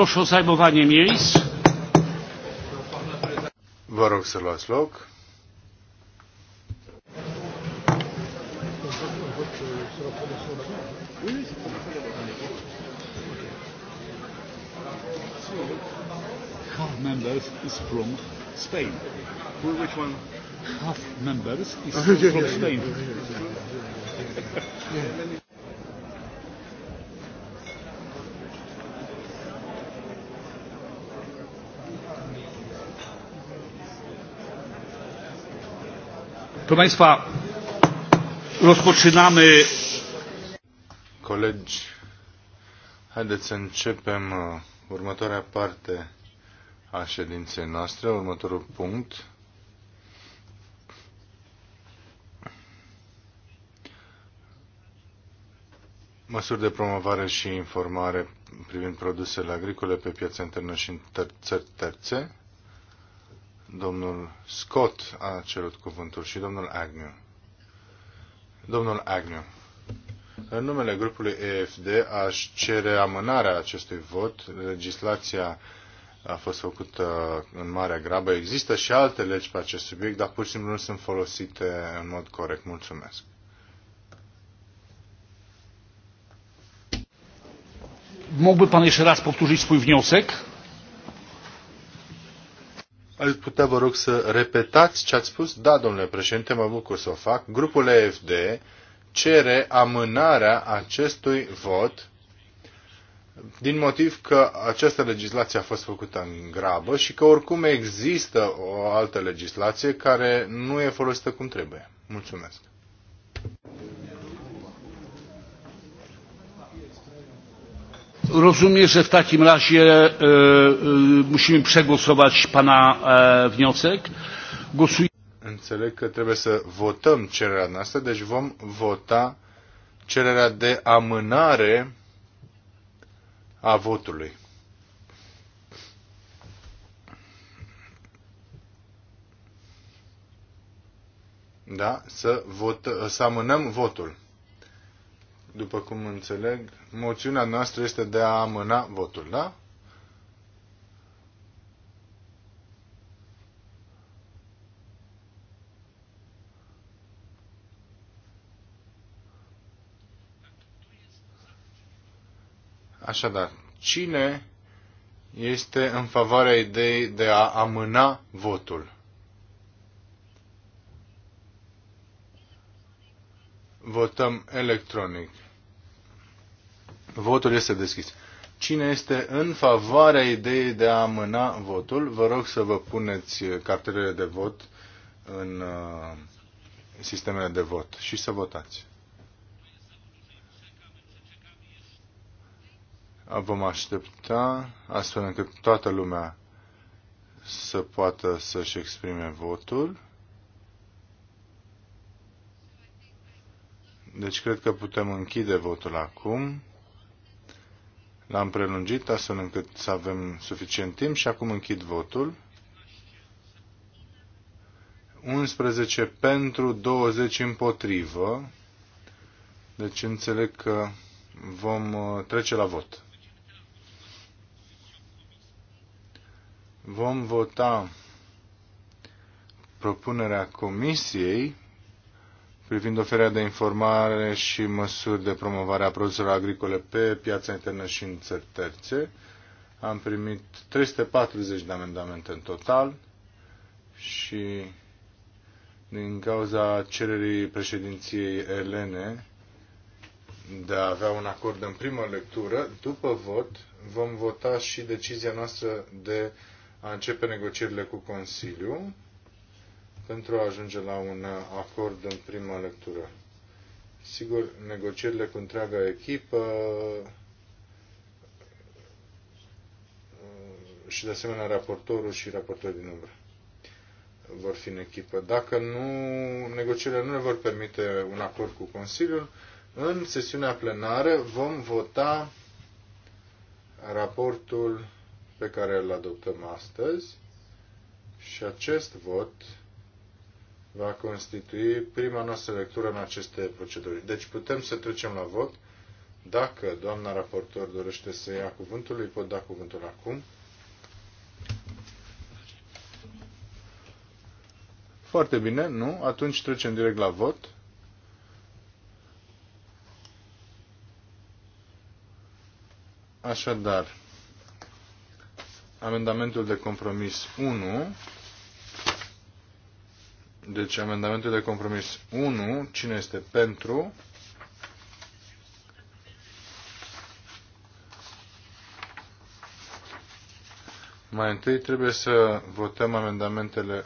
Proszę o zajmowanie miejsc. Vă rog să luați loc. Half members is from Spain. Which one? Half members is from Spain. yeah. Proszę Państwa, rozpoczynamy. Koledzy, haideți să începem uh, următoarea parte a ședinței noastre, următorul punct. Măsuri de promovare și informare privind produsele agricole pe piața internă și în ter țări terțe. Domnul Scott a cerut cuvântul și domnul Agnew. Domnul Agnew, în numele grupului EFD aș cere amânarea acestui vot. Legislația a fost făcută în mare grabă. Există și alte legi pe acest subiect, dar pur și simplu nu sunt folosite în mod corect. Mulțumesc. Mógłby Pan jeszcze raz powtórzyć swój wniosek? Ați putea, vă rog, să repetați ce ați spus? Da, domnule președinte, mă bucur să o fac. Grupul EFD cere amânarea acestui vot din motiv că această legislație a fost făcută în grabă și că oricum există o altă legislație care nu e folosită cum trebuie. Mulțumesc. Rozumiem, że w takim razie musimy przegłosować pana wniosek. Głosuj... Înțeleg că trebuie să votăm cererea noastră, deci vom vota cererea de amânare a votului. Da? Să, vot, să amânăm votul după cum înțeleg, moțiunea noastră este de a amâna votul, da? Așadar, cine este în favoarea ideii de a amâna votul? Votăm electronic. Votul este deschis. Cine este în favoarea ideii de a amâna votul, vă rog să vă puneți cartelele de vot în uh, sistemele de vot și să votați. Vom aștepta astfel încât toată lumea să poată să-și exprime votul. Deci cred că putem închide votul acum. L-am prelungit astfel încât să avem suficient timp și acum închid votul. 11 pentru, 20 împotrivă. Deci înțeleg că vom uh, trece la vot. Vom vota propunerea comisiei privind oferirea de informare și măsuri de promovare a produselor agricole pe piața internă și în țări terțe. Am primit 340 de amendamente în total și din cauza cererii președinției elene de a avea un acord în primă lectură, după vot vom vota și decizia noastră de a începe negocierile cu Consiliul pentru a ajunge la un acord în prima lectură. Sigur, negocierile cu întreaga echipă uh, și de asemenea raportorul și raportorul din umbră vor fi în echipă. Dacă nu, negocierile nu ne vor permite un acord cu Consiliul, în sesiunea plenară vom vota raportul pe care îl adoptăm astăzi și acest vot va constitui prima noastră lectură în aceste proceduri. Deci putem să trecem la vot. Dacă doamna raportor dorește să ia cuvântul, îi pot da cuvântul acum. Foarte bine, nu? Atunci trecem direct la vot. Așadar, amendamentul de compromis 1 deci amendamentul de compromis 1, cine este pentru? Mai întâi trebuie să votăm amendamentele 107-111,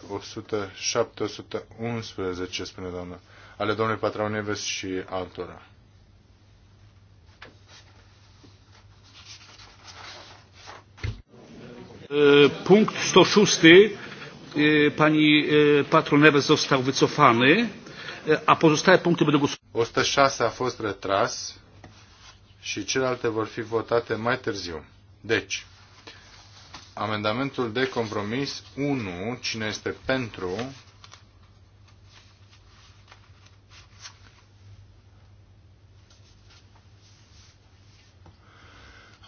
spune doamna, ale domnului Patrau Neves și altora. Punct 106 pani Patroneves został wycofany, a pozostałe puncte będą głosowane. 106 a fost retras și celelalte vor fi votate mai târziu. Deci, amendamentul de compromis 1, cine este pentru,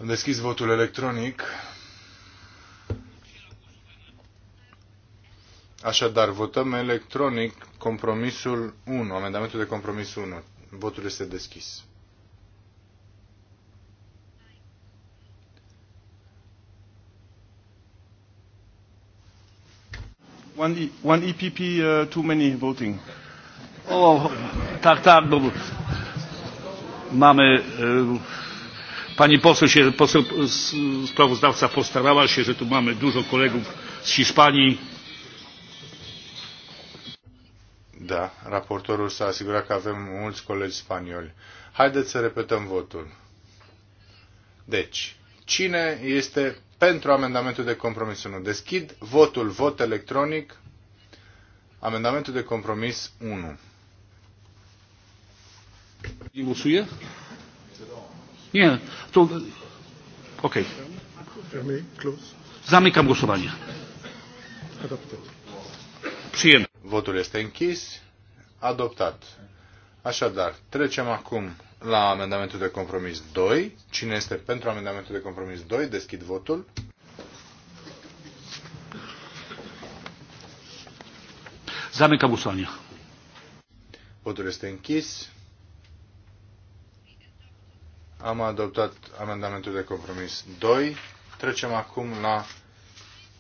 Am deschis votul electronic. Așadar, votăm electronic compromisul 1, amendamentul de compromis 1. Votul este deschis. One, e, one EPP uh, too many voting. Oh, tak, tak, bo mamy, uh, pani poseł, się, poseł sprawozdawca postarała się, że tu mamy dużo kolegów z Hiszpanii da, raportorul s-a asigurat că avem mulți colegi spanioli. Haideți să repetăm votul. Deci, cine este pentru amendamentul de compromis 1? Deschid votul, vot electronic, amendamentul de compromis 1. Głosuje? Nie, to... Ok. Zamykam głosowanie. Przyjęte. Votul este închis. Adoptat. Așadar, trecem acum la amendamentul de compromis 2. Cine este pentru amendamentul de compromis 2? Deschid votul. Zameca Busonia. Votul este închis. Am adoptat amendamentul de compromis 2. Trecem acum la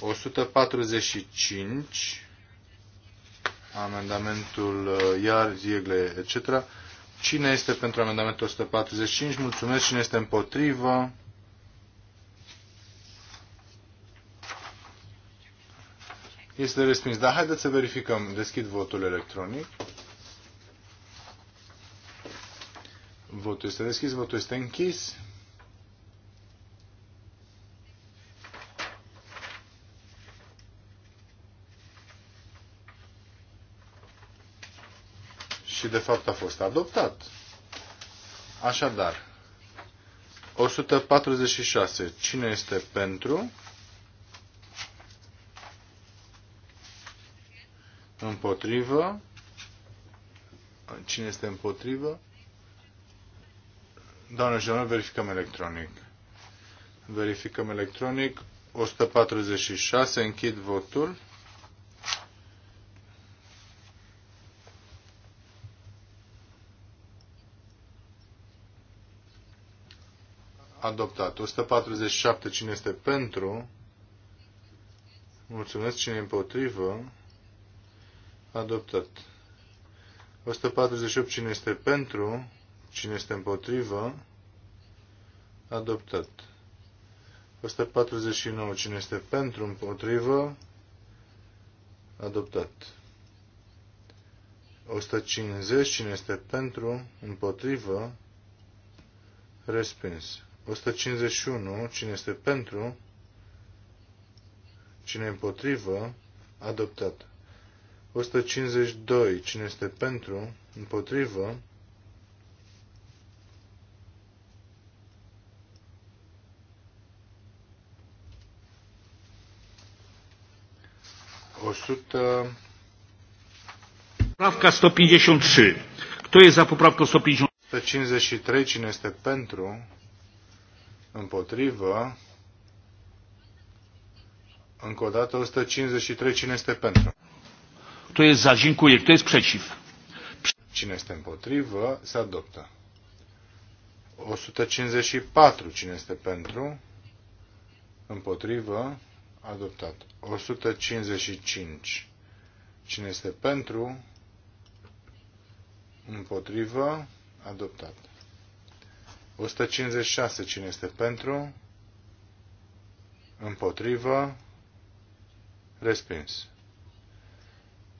145 amendamentul uh, Iar, Ziegle, etc. Cine este pentru amendamentul 145? Mulțumesc. Cine este împotrivă? Este respins. Dar haideți să verificăm. Deschid votul electronic. Votul este deschis, votul este închis. și de fapt a fost adoptat. Așadar, 146. Cine este pentru? Împotrivă? Cine este împotrivă? Doamne și domnule, verificăm electronic. Verificăm electronic. 146. Închid votul. adoptat. 147. Cine este pentru? Mulțumesc. Cine împotrivă? Adoptat. 148. Cine este pentru? Cine este împotrivă? Adoptat. 149. Cine este pentru? Împotrivă? Adoptat. 150. Cine este pentru? Împotrivă? Respins. 151. Cine este pentru? Cine împotrivă? Adoptat. 152. Cine este pentru? Împotrivă? Poprawka 153. Kto jest za poprawką 153? 153. Cine este pentru? împotrivă, încă o dată 153, cine este pentru? Kto zajin cu el, tu jest przeciw? Cine este împotrivă, se adoptă. 154, cine este pentru? Împotrivă, adoptat. 155, cine este pentru? Împotrivă, adoptat. 156. Cine este pentru? Împotrivă? Respins.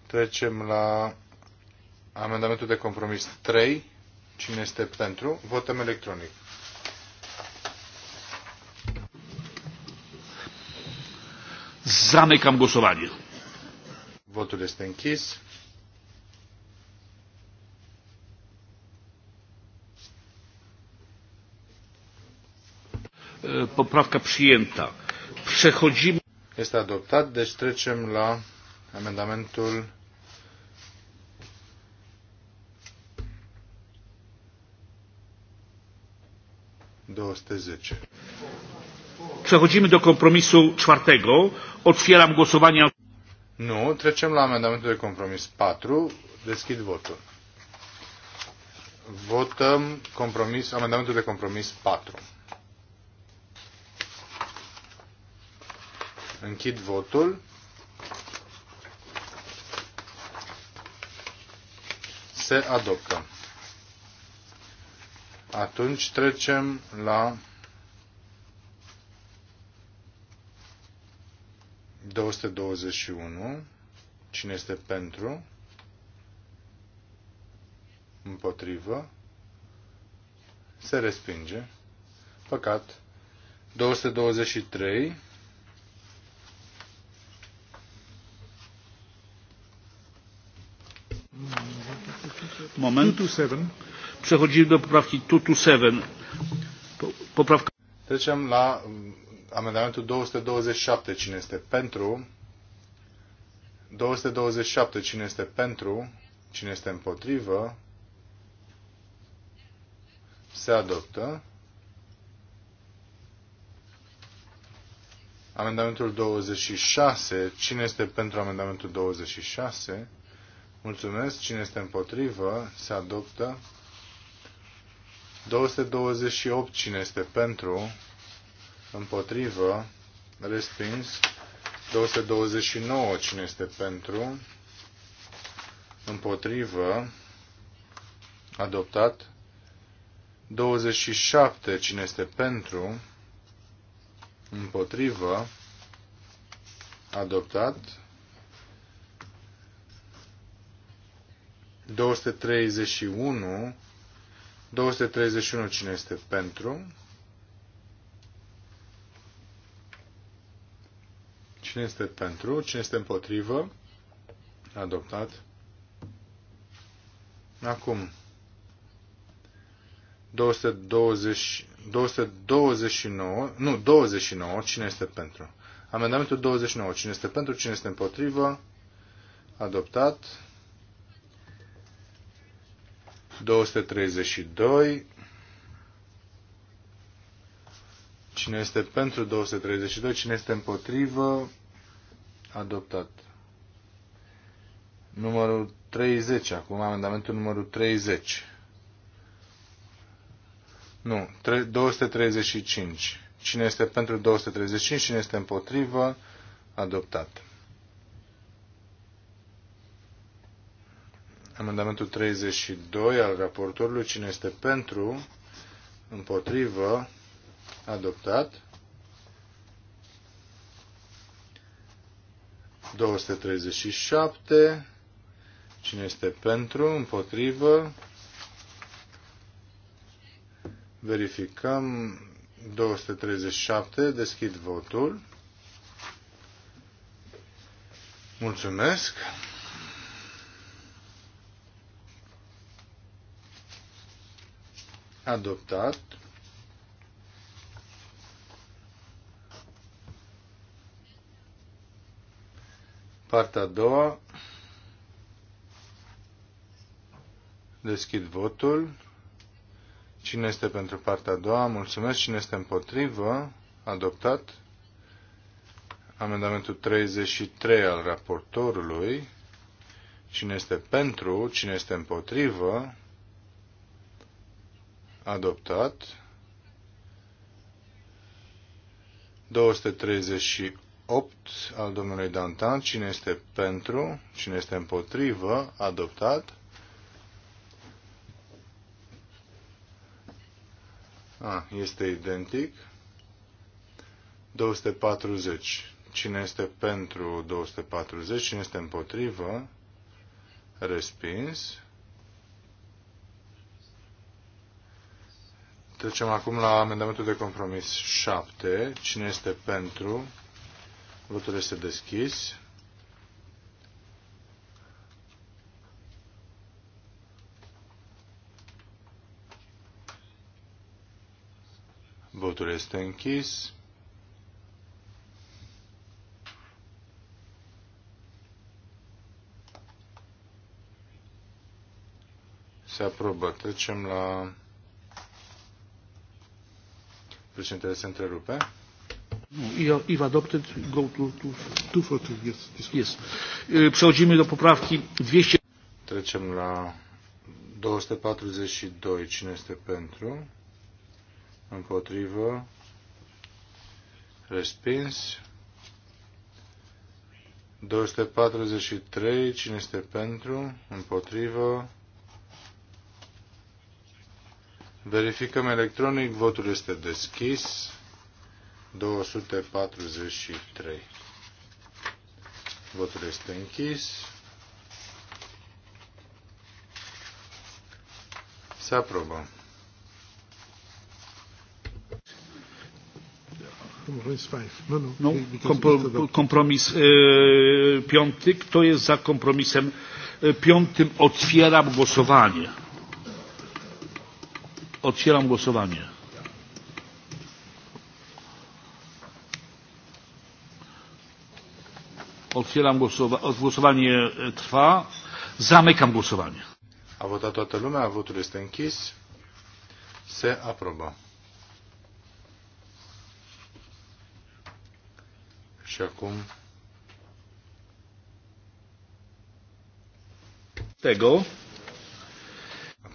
Trecem la amendamentul de compromis 3. Cine este pentru? Votăm electronic. Zamecam głosowanie. Votul este închis. Poprawka przyjęta. Przechodzimy. Este adoptat, deci trecem la amendamentul Przechodzimy do kompromisu czwartego. Otwieram głosowanie. Nu, trecem la amendamentul de compromis 4. Deschid votul. Votăm compromis, amendamentul de compromis 4. Închid votul. Se adoptă. Atunci trecem la 221. Cine este pentru? Împotrivă? Se respinge. Păcat. 223. Moment. Przechodzimy do poprawki Poprawka. Trecem la mm, amendamentul 227. Cine este pentru? 227. Cine este pentru? Cine este împotrivă? Se adoptă. Amendamentul 26. Cine este pentru amendamentul 26? Mulțumesc. Cine este împotrivă, se adoptă. 228. Cine este pentru, împotrivă, respins. 229. Cine este pentru, împotrivă, adoptat. 27. Cine este pentru, împotrivă, adoptat. 231. 231 cine este pentru? Cine este pentru? Cine este împotrivă? Adoptat. Acum. 220, 229, nu, 29, cine este pentru? Amendamentul 29, cine este pentru, cine este împotrivă? Adoptat. 232. Cine este pentru 232? Cine este împotrivă? Adoptat. Numărul 30. Acum amendamentul numărul 30. Nu, 235. Cine este pentru 235? Cine este împotrivă? Adoptat. Amendamentul 32 al raportorului. Cine este pentru? Împotrivă? Adoptat. 237. Cine este pentru? Împotrivă? Verificăm 237. Deschid votul. Mulțumesc. adoptat. Partea a doua. Deschid votul. Cine este pentru partea a doua? Mulțumesc. Cine este împotrivă? Adoptat. Amendamentul 33 al raportorului. Cine este pentru? Cine este împotrivă? adoptat. 238 al domnului Dantan, cine este pentru, cine este împotrivă, adoptat. A, este identic. 240. Cine este pentru 240, cine este împotrivă, respins. Trecem acum la amendamentul de compromis 7. Cine este pentru? Votul este deschis. Votul este închis. Se aprobă. Trecem la Președintele se întrerupe. If adopted, go to 242. Yes, yes. Przechodzimy do poprawki 200. Trecem la 242. Cine este pentru? Împotrivă? Respins? 243. Cine este pentru? Împotrivă? Verificăm electronic, votul este deschis. 243. Votul este închis. Se aprobă. No, kompromis piąty. Kto jest za kompromisem piątym? Otwieram głosowanie. Otwieram głosowanie. Otwieram głosowa głosowanie trwa. Zamykam głosowanie. A votat toată lumea, votul este închis. Se aprobă. Și acum tego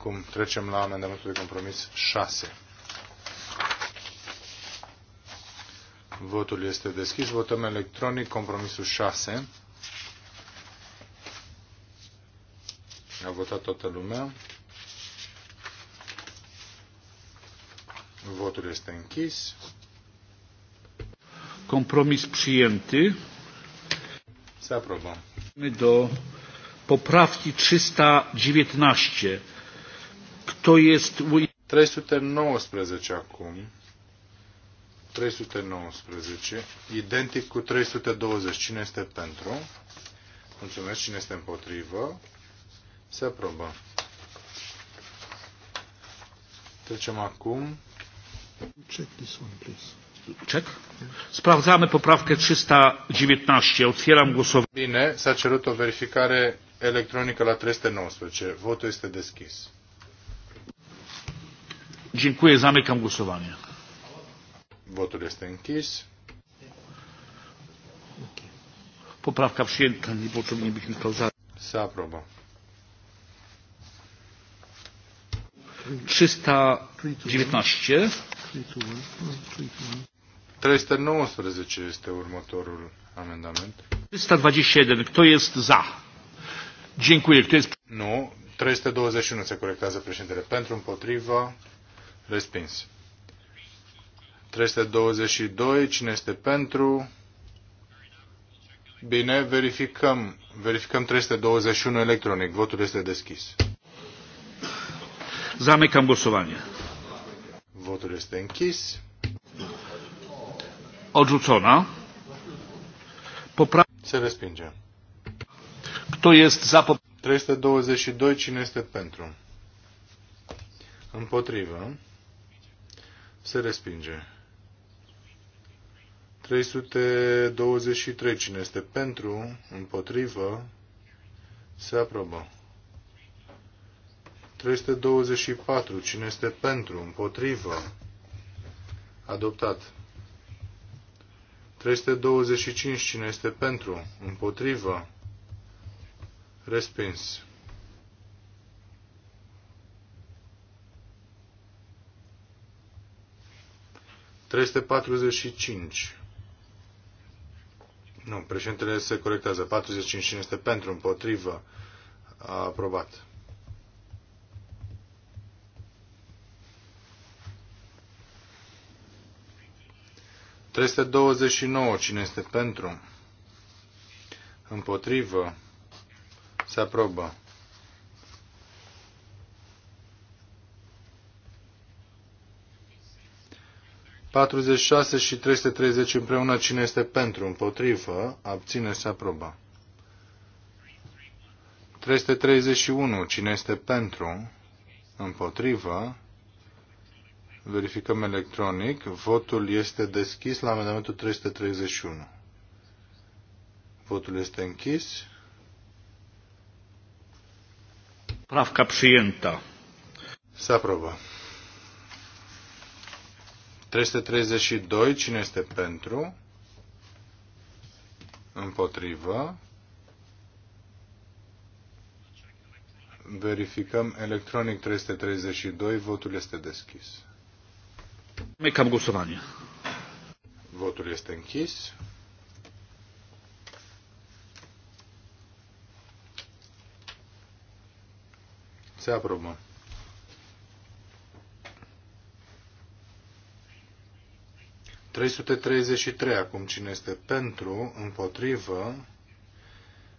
Acum trecem la amendamentul de compromis 6. Votul este deschis. Votăm electronic compromisul 6. A votat toată lumea. Votul este închis. Compromis przyjęty. Se aprobă. Do poprawki 319 to jest... 319 acum. 319, identic cu 320. Cine este pentru? Mulțumesc. Cine este împotrivă? Se aprobă. Trecem acum. Check this one, please. Check. Sprawdzamy poprawkę 319. Otwieram głosowanie. Bine, s-a cerut o verificare electronică la 319. Votul este deschis. Dziękuję, zamykam głosowanie. Votul este închis. Poprawka przyjęta, nie potrzebowalibyśmy sprawdzali. Se aprobă. 319. 319 este următorul amendament. 321. Kto jest za? Dziękuję. Kto jest... Nu. 321 se corectează președintele. Pentru împotrivă. Respins. 322. Cine este pentru? Bine, verificăm. Verificăm 321 electronic. Votul este deschis. Zamecam głosowanie. Votul este închis. Odrzucona. Popra Se respinge. Kto jest za... 322. Cine este pentru? Împotrivă. Se respinge. 323. Cine este pentru, împotrivă, se aprobă. 324. Cine este pentru, împotrivă, adoptat. 325. Cine este pentru, împotrivă, respins. 345. Nu, președintele se corectează. 45 cine este pentru, împotrivă, a aprobat. Treste 29. Cine este pentru? Împotrivă? Se aprobă. 46 și 330 împreună. Cine este pentru? Împotrivă. Abține. Se aprobă. 331. Cine este pentru? Împotrivă. Verificăm electronic. Votul este deschis la amendamentul 331. Votul este închis. Pravka przyjęta. Se 332. Cine este pentru? Împotrivă. Verificăm electronic 332. Votul este deschis. Mecam gusovanie. Votul este închis. Se aprobă. 333 acum cine este pentru, împotrivă,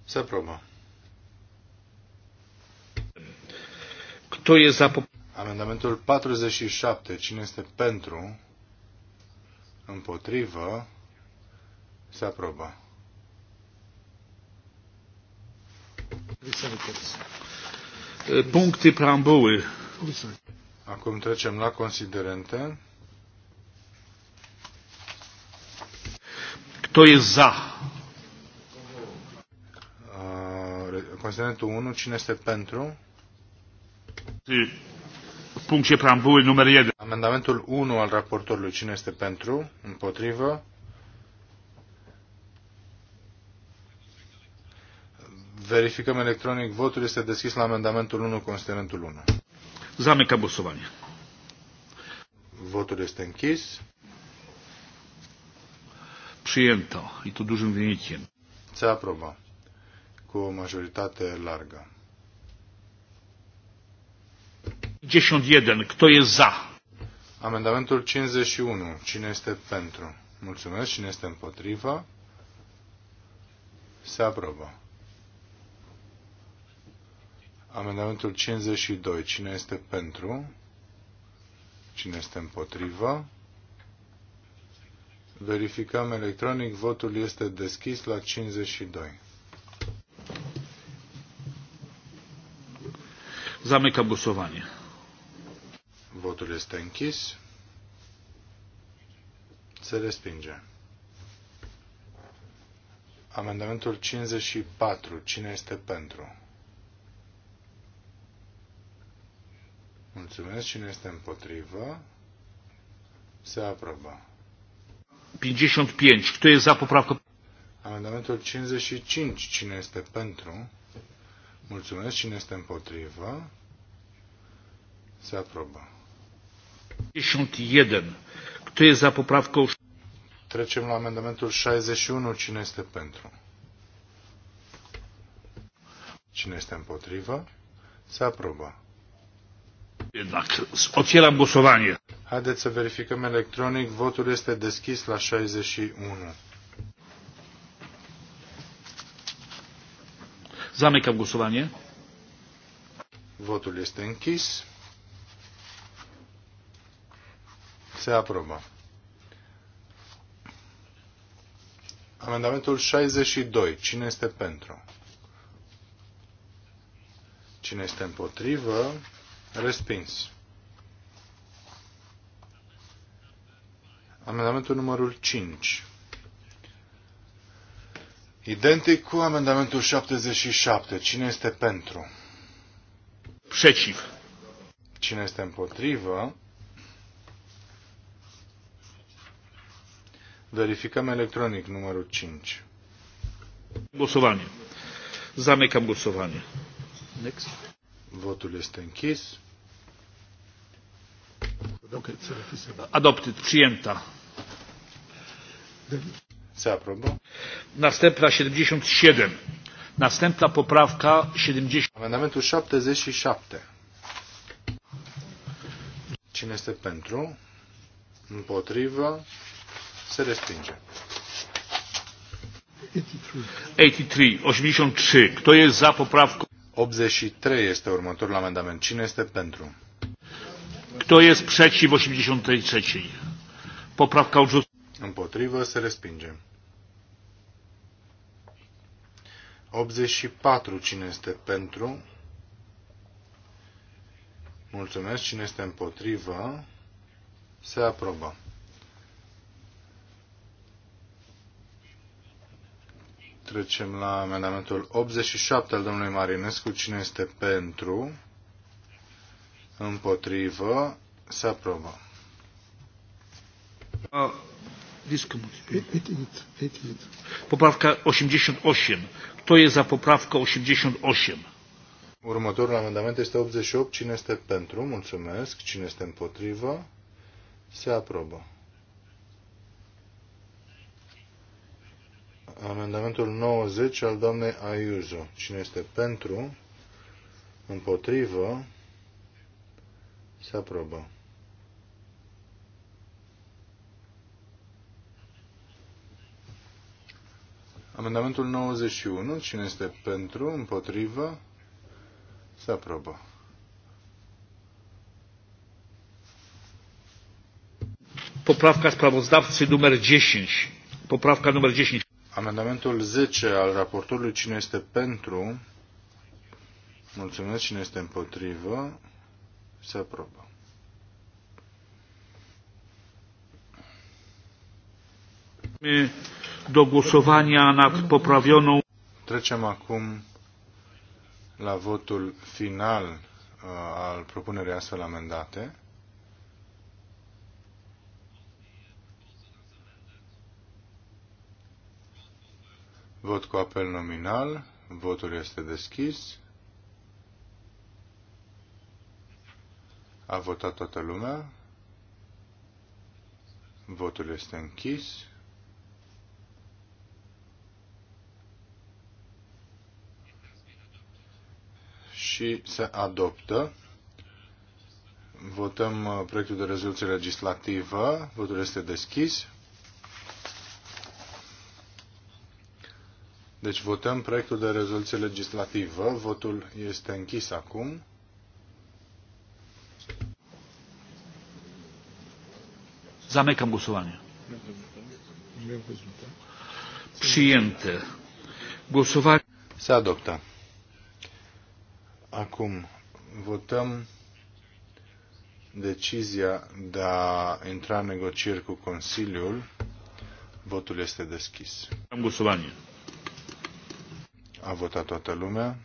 se aprobă. Kto jest Amendamentul 47. Cine este pentru? Împotrivă? Se aprobă. Puncte preambule. Acum trecem la considerente. Kto jest za? Considerentul 1, cine este pentru? Puncte preambul număr 1. Amendamentul 1 al raportorului, cine este pentru? Împotrivă? Verificăm electronic. Votul este deschis la amendamentul 1, considerentul 1. Zamecăm głosowanie. Votul este închis przyjęto i to dużym wynikiem. Se aproba cu majoritate largă. 51. Kto jest za? Amendamentul 51. Cine este pentru? Mulțumesc. Cine este împotrivă? Se aprobă. Amendamentul 52. Cine este pentru? Cine este împotrivă? Verificăm electronic. Votul este deschis la 52. Zamykam głosowanie. Votul este închis. Se respinge. Amendamentul 54. Cine este pentru? Mulțumesc. Cine este împotrivă? Se aprobă. 55. Kto jest za poprawką? Amendamentul 55. Cine este pentru? Mulțumesc. Cine este împotrivă? Se aprobă. 51. Kto jest za poprawką? Trecem la amendamentul 61. Cine este pentru? Cine este împotrivă? Se aprobă. Jednak otwieram głosowanie. Haideți să verificăm electronic. Votul este deschis la 61. Zamykam głosowanie. Votul este închis. Se aprobă. Amendamentul 62. Cine este pentru? Cine este împotrivă? Respins. Amendamentul numărul 5. Identic cu amendamentul 77. Cine este pentru? Przeciw. Cine este împotrivă? Verificăm electronic numărul 5. Głosowanie. Zamykam głosowanie. Next. Votul este închis. Adopted, przyjęta. Se aprobă. Następna 77. Następna poprawka 70. Amendamentul 77. Cine este pentru? Împotrivă? Se respinge. 83. 83. Kto jest za poprawką? 83 este următorul amendament. Cine este pentru? Kto jest przeciw 83? Poprawka odrzucona. Împotrivă se respinge. 84. Cine este pentru? Mulțumesc. Cine este împotrivă? Se aprobă. Trecem la amendamentul 87 al domnului Marinescu. Cine este pentru? Împotrivă? Se aprobă. Uh. poprawka 88. Kto jest za poprawką 88? Următorul amendament este 88. Cine este pentru? Mulțumesc. Cine este împotrivă? Se aprobă. Amendamentul 90 al doamnei Ayuso. Cine este pentru? Împotrivă? Se aprobă. Amendamentul 91. Cine este pentru? Împotrivă? Se aprobă. Poprawka sprawozdawcy numer 10. Poprawka numer 10. Amendamentul 10 al raportorului, cine este pentru? Mulțumesc, cine este împotrivă? Se aprobă. Do głosowania nad poprawioną. Trecem acum la votul final uh, al propunerii astfel amendate. Vot cu apel nominal. Votul este deschis. A votat toată lumea. Votul este închis. Și se adoptă. Votăm uh, proiectul de rezoluție legislativă. Votul este deschis. Deci votăm proiectul de rezoluție legislativă. Votul este închis acum. Zamykam głosowanie. Przyjęte. Głosowanie. Se adoptă. Acum votăm decizia de a intra în negocieri cu Consiliul. Votul este deschis. Am głosowanie. A votat toată lumea.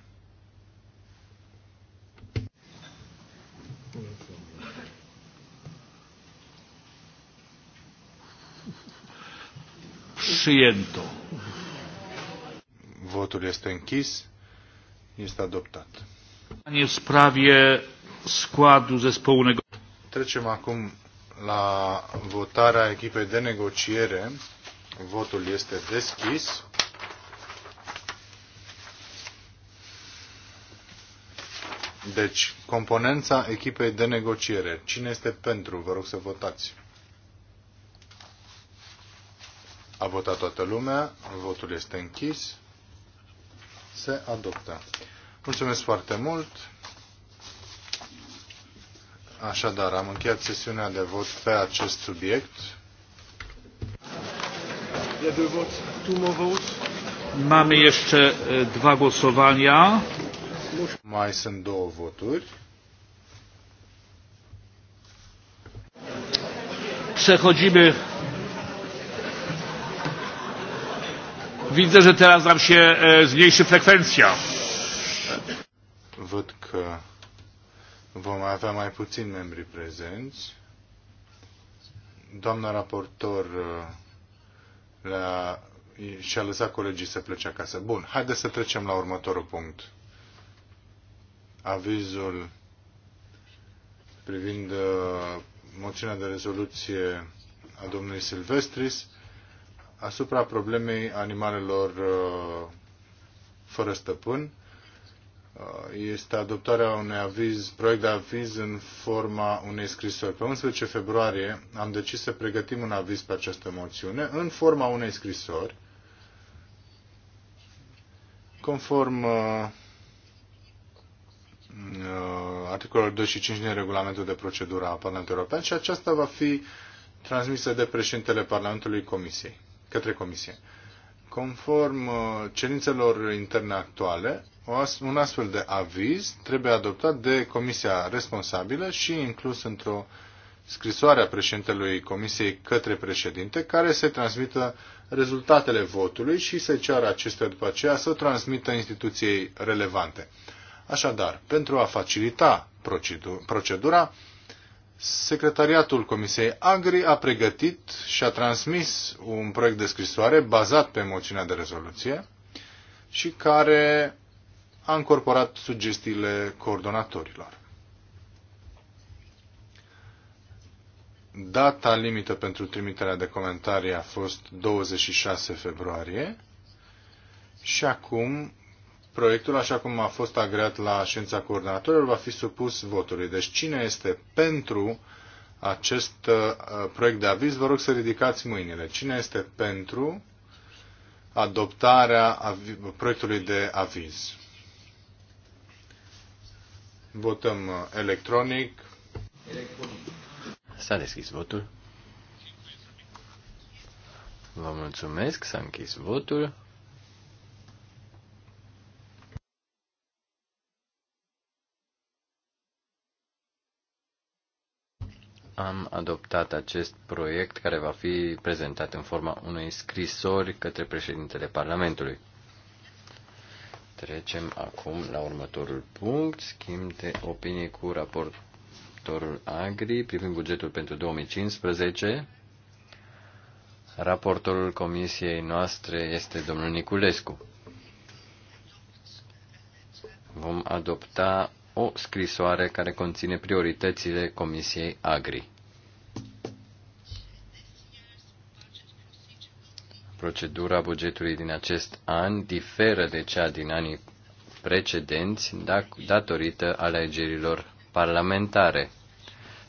Siento. Votul este închis. Este adoptat. sprawie składu zespołu Trecem acum la votarea echipei de negociere. Votul este deschis. Deci, componența echipei de negociere. Cine este pentru? Vă rog să votați. A votat toată lumea, votul este închis, se adoptă. Mulțumesc foarte mult. Așadar, am încheiat sesiunea de vot pe acest subiect. Mamy jeszcze dwa głosowania. Mai sunt două voturi. Przechodzimy. Widzę, że teraz nam się e, zmniejszy frekwencja. Văd că vom avea mai puțin membri prezenți. Doamna raportor și-a lăsat colegii să plece acasă. Bun, haideți să trecem la următorul punct avizul privind uh, moțiunea de rezoluție a domnului Silvestris asupra problemei animalelor uh, fără stăpân. Uh, este adoptarea unui aviz, proiect de aviz în forma unei scrisori. Pe 11 februarie am decis să pregătim un aviz pe această moțiune în forma unei scrisori conform Uh, articolul 25 și 5 din regulamentul de procedură a Parlamentului European și aceasta va fi transmisă de președintele Parlamentului Comisiei, către Comisie. Conform uh, cerințelor interne actuale, un astfel de aviz trebuie adoptat de Comisia responsabilă și inclus într-o scrisoare a președintelui Comisiei către președinte, care să transmită rezultatele votului și să ceară acestea după aceea să transmită instituției relevante. Așadar, pentru a facilita procedura, Secretariatul Comisiei Agri a pregătit și a transmis un proiect de scrisoare bazat pe moțiunea de rezoluție și care a încorporat sugestiile coordonatorilor. Data limită pentru trimiterea de comentarii a fost 26 februarie și acum Proiectul, așa cum a fost agreat la ședința coordonatorilor, va fi supus votului. Deci cine este pentru acest uh, proiect de aviz, vă rog să ridicați mâinile. Cine este pentru adoptarea proiectului de aviz? Votăm uh, electronic. S-a deschis votul. Vă mulțumesc, s-a închis votul. am adoptat acest proiect care va fi prezentat în forma unei scrisori către președintele Parlamentului. Trecem acum la următorul punct, schimb de opinie cu raportorul Agri privind bugetul pentru 2015. Raportorul comisiei noastre este domnul Niculescu. Vom adopta o scrisoare care conține prioritățile Comisiei Agri. Procedura bugetului din acest an diferă de cea din anii precedenți datorită alegerilor parlamentare.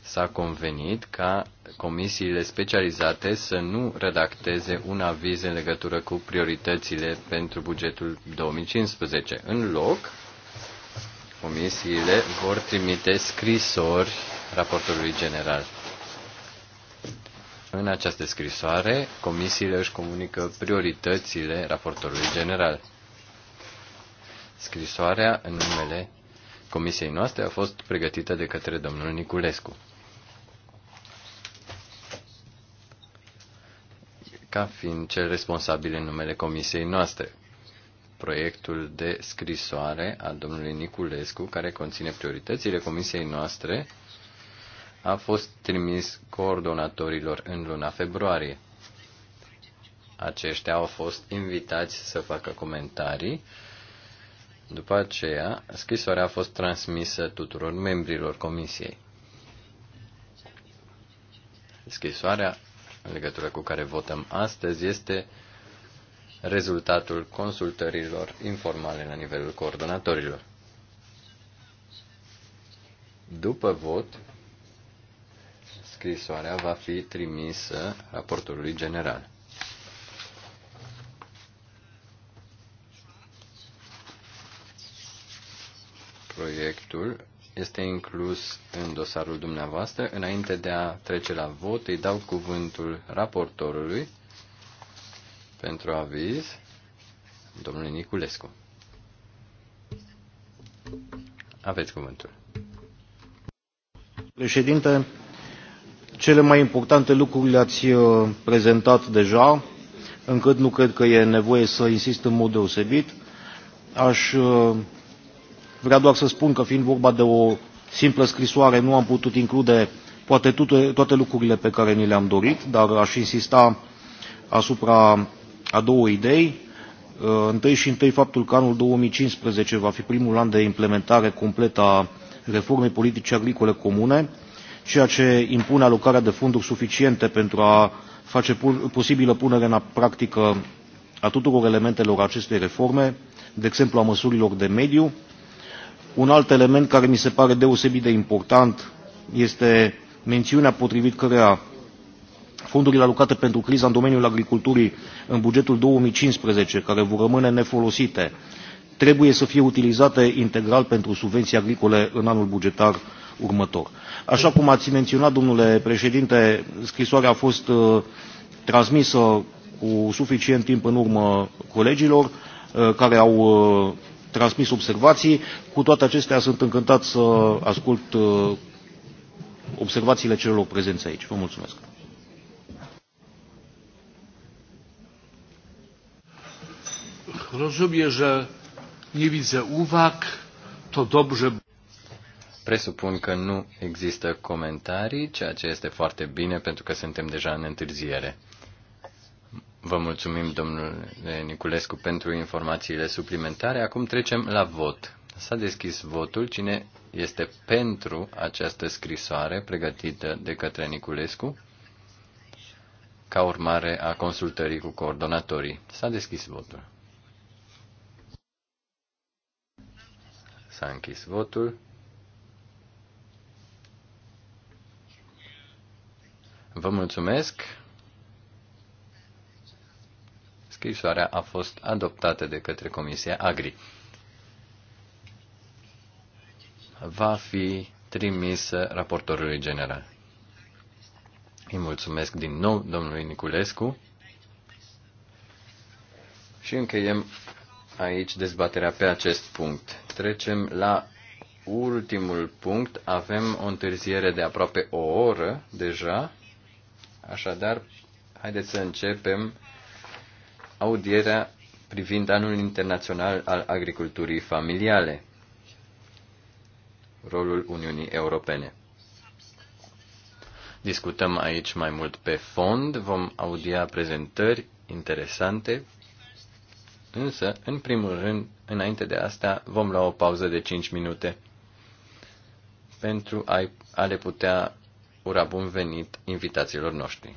S-a convenit ca comisiile specializate să nu redacteze un aviz în legătură cu prioritățile pentru bugetul 2015. În loc, comisiile vor trimite scrisori raportului general. În această scrisoare, comisiile își comunică prioritățile raportorului general. Scrisoarea în numele comisiei noastre a fost pregătită de către domnul Niculescu. ca fiind cel responsabil în numele comisiei noastre proiectul de scrisoare a domnului Niculescu, care conține prioritățile comisiei noastre, a fost trimis coordonatorilor în luna februarie. Aceștia au fost invitați să facă comentarii. După aceea, scrisoarea a fost transmisă tuturor membrilor comisiei. Scrisoarea în legătură cu care votăm astăzi este rezultatul consultărilor informale la nivelul coordonatorilor. După vot, scrisoarea va fi trimisă raportorului general. Proiectul este inclus în dosarul dumneavoastră. Înainte de a trece la vot, îi dau cuvântul raportorului pentru aviz, domnule Niculescu. Aveți cuvântul. Președinte, cele mai importante lucruri le-ați uh, prezentat deja, încât nu cred că e nevoie să insist în mod deosebit. Aș uh, vrea doar să spun că fiind vorba de o simplă scrisoare, nu am putut include poate toate, toate lucrurile pe care ni le-am dorit, dar aș insista asupra a două idei. Uh, întâi și întâi faptul că anul 2015 va fi primul an de implementare completă a reformei politicii agricole comune, ceea ce impune alocarea de fonduri suficiente pentru a face posibilă punere în practică a tuturor elementelor acestei reforme, de exemplu a măsurilor de mediu. Un alt element care mi se pare deosebit de important este mențiunea potrivit căreia fondurile alocate pentru criza în domeniul agriculturii în bugetul 2015, care vor rămâne nefolosite, trebuie să fie utilizate integral pentru subvenții agricole în anul bugetar următor. Așa cum ați menționat, domnule președinte, scrisoarea a fost uh, transmisă cu suficient timp în urmă colegilor uh, care au uh, transmis observații. Cu toate acestea sunt încântat să ascult uh, observațiile celor prezenți aici. Vă mulțumesc. rozumie, że nie widzę uwag. To dobrze. Presupun că nu există comentarii, ceea ce este foarte bine pentru că suntem deja în întârziere. Vă mulțumim, domnule Niculescu, pentru informațiile suplimentare. Acum trecem la vot. S-a deschis votul. Cine este pentru această scrisoare pregătită de către Niculescu? Ca urmare a consultării cu coordonatorii. S-a deschis votul. S-a închis votul. Vă mulțumesc. Scrisoarea a fost adoptată de către Comisia Agri. Va fi trimisă raportorului general. Îi mulțumesc din nou domnului Niculescu și încheiem aici dezbaterea pe acest punct. Trecem la ultimul punct. Avem o întârziere de aproape o oră deja, așadar haideți să începem audierea privind anul internațional al agriculturii familiale, rolul Uniunii Europene. Discutăm aici mai mult pe fond, vom audia prezentări interesante Însă, în primul rând, înainte de asta, vom lua o pauză de 5 minute pentru a, le putea ura bun venit invitațiilor noștri.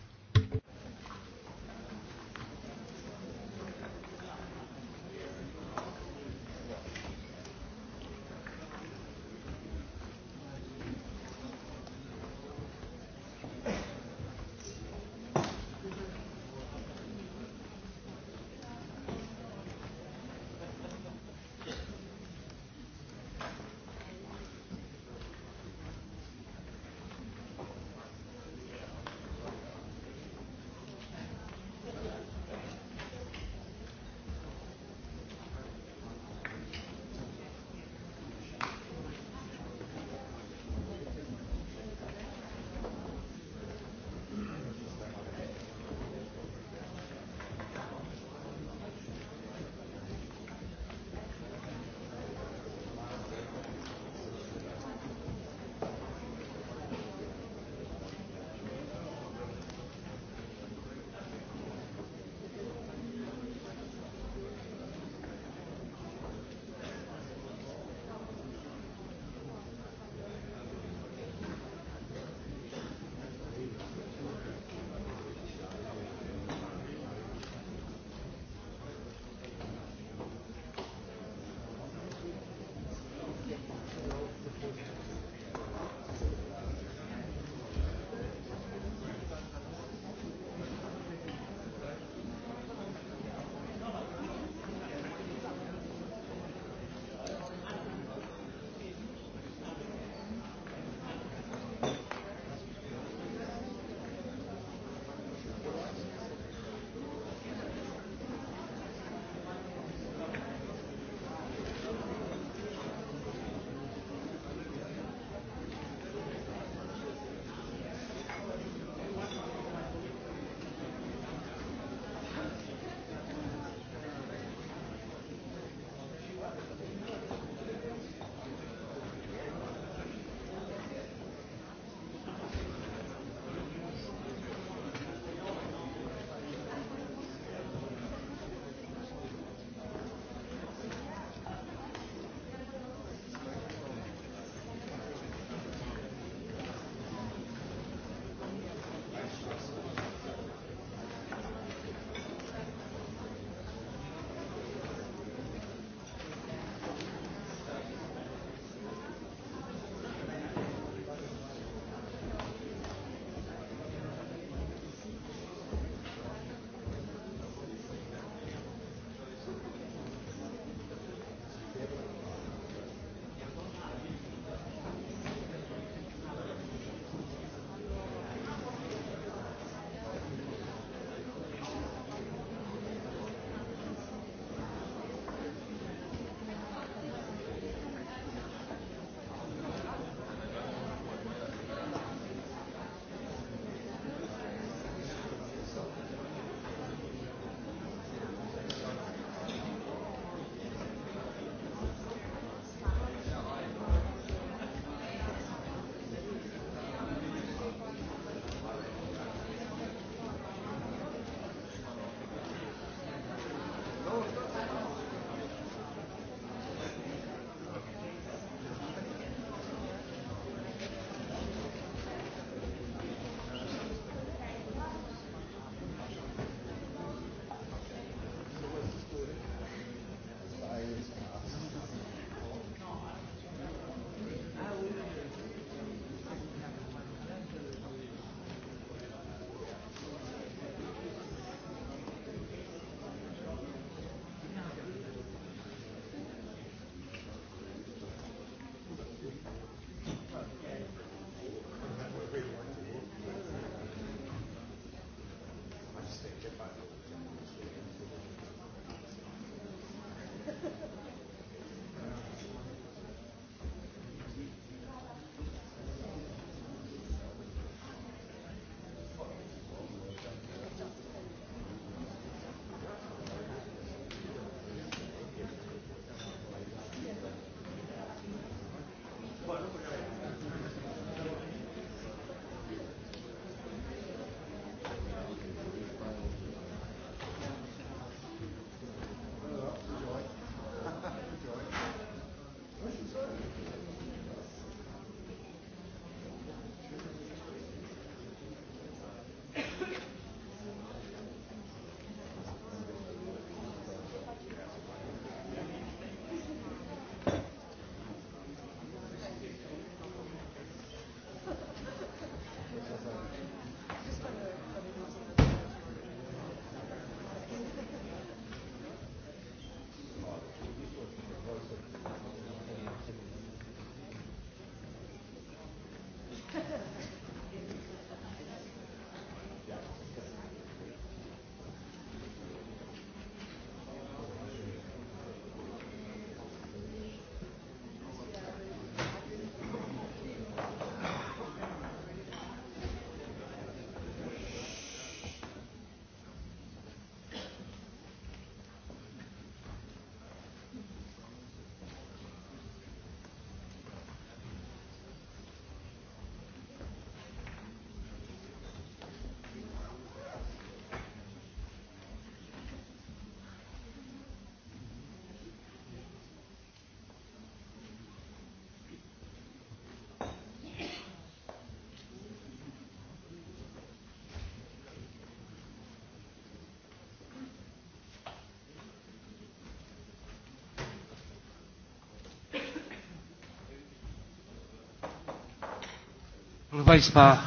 Proszę Państwa,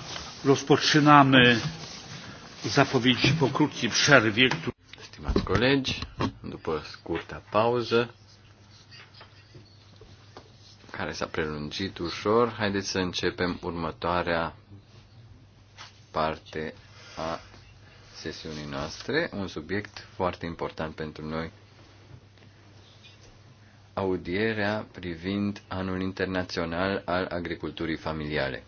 rozpoczynamy zapowiedź po krótkiej przerwie. Stimat kolegi, după scurta pauză, care s-a prelungit ușor, haideți să începem următoarea parte a sesiunii noastre, un subiect foarte important pentru noi, audierea privind anul internațional al agriculturii familiale.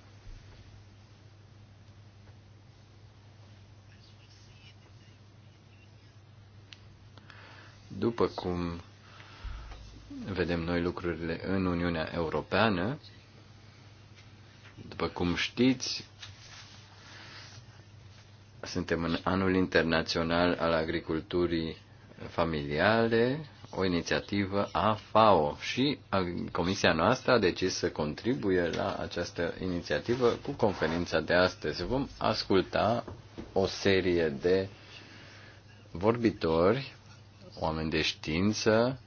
cum vedem noi lucrurile în Uniunea Europeană. După cum știți, suntem în anul internațional al agriculturii familiale, o inițiativă a FAO și comisia noastră a decis să contribuie la această inițiativă cu conferința de astăzi. Vom asculta o serie de vorbitori oameni de știință,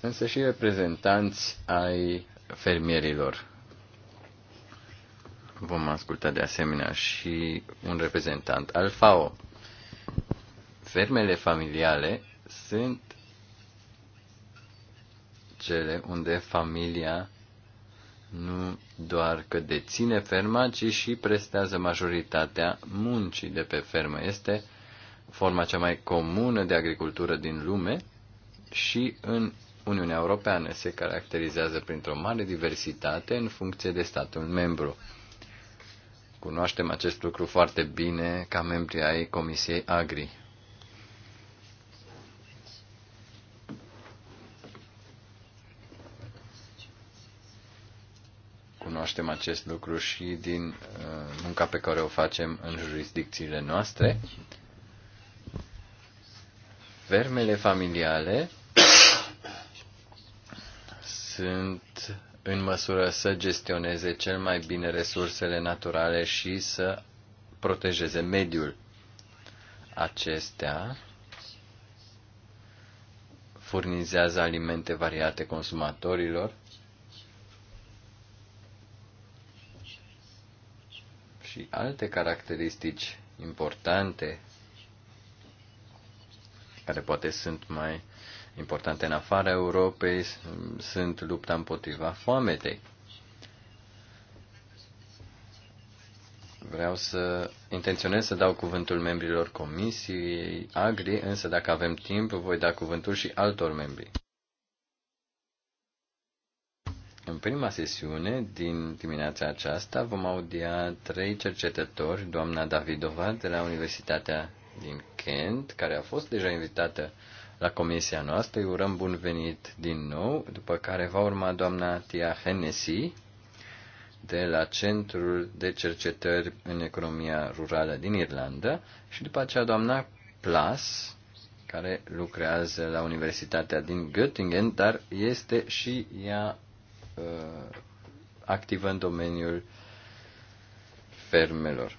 însă și reprezentanți ai fermierilor. Vom asculta de asemenea și un reprezentant al FAO. Fermele familiale sunt cele unde familia nu doar că deține ferma, ci și prestează majoritatea muncii de pe fermă. Este forma cea mai comună de agricultură din lume și în Uniunea Europeană se caracterizează printr-o mare diversitate în funcție de statul membru. Cunoaștem acest lucru foarte bine ca membri ai Comisiei Agri. Cunoaștem acest lucru și din uh, munca pe care o facem în jurisdicțiile noastre vermele familiale sunt în măsură să gestioneze cel mai bine resursele naturale și să protejeze mediul. Acestea furnizează alimente variate consumatorilor și alte caracteristici importante care poate sunt mai importante în afara Europei, sunt lupta împotriva foametei. Vreau să intenționez să dau cuvântul membrilor Comisiei Agri, însă dacă avem timp, voi da cuvântul și altor membri. În prima sesiune din dimineața aceasta vom audia trei cercetători, doamna Davidova de la Universitatea din Kent, care a fost deja invitată la comisia noastră. Îi urăm bun venit din nou, după care va urma doamna Tia Hennessy de la Centrul de Cercetări în Economia Rurală din Irlanda și după aceea doamna Plas, care lucrează la Universitatea din Göttingen, dar este și ea uh, activă în domeniul fermelor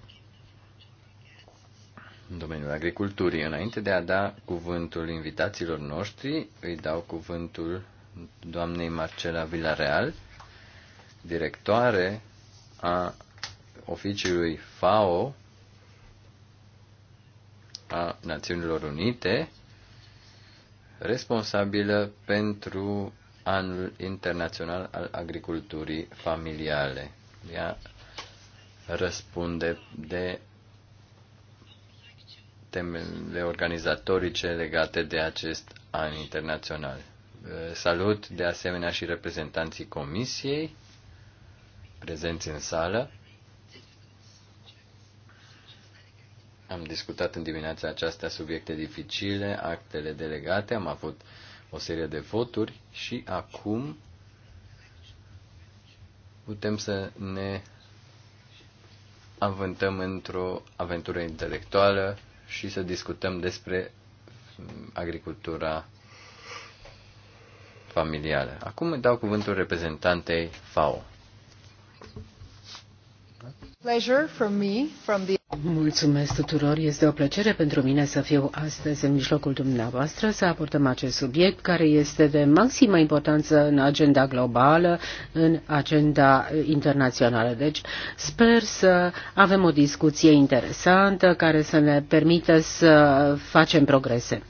în domeniul agriculturii. Înainte de a da cuvântul invitațiilor noștri, îi dau cuvântul doamnei Marcela Villareal, directoare a oficiului FAO a Națiunilor Unite, responsabilă pentru Anul Internațional al Agriculturii Familiale. Ea răspunde de temele organizatorice legate de acest an internațional. Uh, salut de asemenea și reprezentanții comisiei prezenți în sală. Am discutat în dimineața aceasta subiecte dificile, actele delegate, am avut o serie de voturi și acum putem să ne avântăm într-o aventură intelectuală și să discutăm despre agricultura familială. Acum îi dau cuvântul reprezentantei FAO. Mulțumesc tuturor. Este o plăcere pentru mine să fiu astăzi în mijlocul dumneavoastră să aportăm acest subiect care este de maximă importanță în agenda globală, în agenda internațională. Deci sper să avem o discuție interesantă care să ne permită să facem progrese.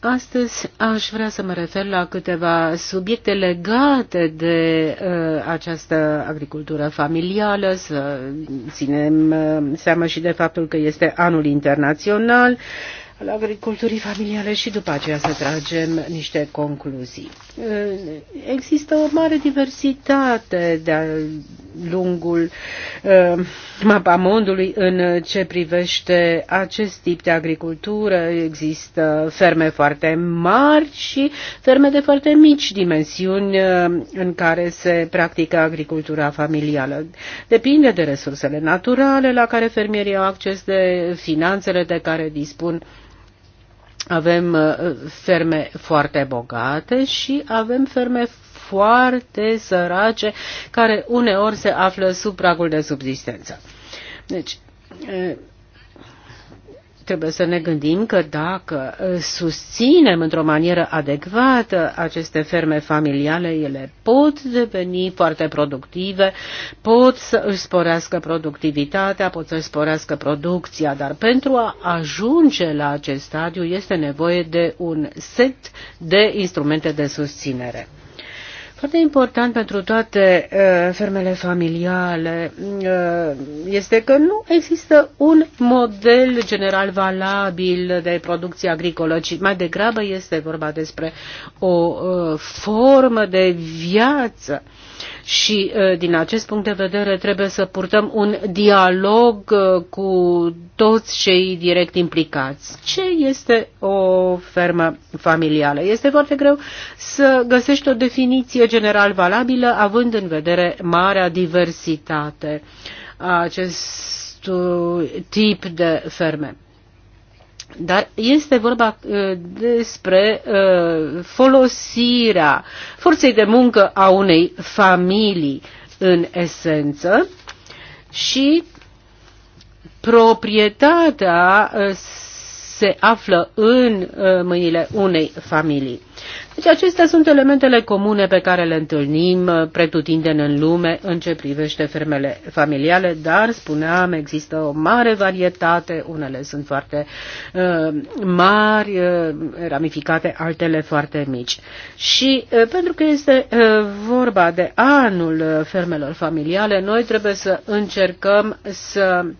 Astăzi aș vrea să mă refer la câteva subiecte legate de uh, această agricultură familială, să ținem uh, seama și de faptul că este anul internațional, al agriculturii familiale și după aceea să tragem niște concluzii. Există o mare diversitate de-a lungul uh, mapamondului în ce privește acest tip de agricultură. Există ferme foarte mari și ferme de foarte mici dimensiuni uh, în care se practică agricultura familială. Depinde de resursele naturale la care fermierii au acces, de finanțele de care dispun avem uh, ferme foarte bogate și avem ferme foarte sărace care uneori se află sub pragul de subsistență. Deci, uh, trebuie să ne gândim că dacă uh, susținem într-o manieră adecvată aceste ferme familiale, ele pot deveni foarte productive, pot să își sporească productivitatea, pot să își sporească producția, dar pentru a ajunge la acest stadiu este nevoie de un set de instrumente de susținere. Foarte important pentru toate uh, fermele familiale uh, este că nu există un model general valabil de producție agricolă, ci mai degrabă este vorba despre o uh, formă de viață. Uh, și uh, din acest punct de vedere trebuie să purtăm un dialog uh, cu toți cei direct implicați. Ce este o fermă familială? Este foarte greu să găsești o definiție general valabilă având în vedere marea diversitate a acestui tip de ferme. Dar este vorba uh, despre uh, folosirea forței de muncă a unei familii în esență și proprietatea uh, se află în uh, mâinile unei familii. Deci acestea sunt elementele comune pe care le întâlnim uh, pretutindeni în lume în ce privește fermele familiale, dar, spuneam, există o mare varietate, unele sunt foarte uh, mari, uh, ramificate, altele foarte mici. Și uh, pentru că este uh, vorba de anul uh, fermelor familiale, noi trebuie să încercăm să uh,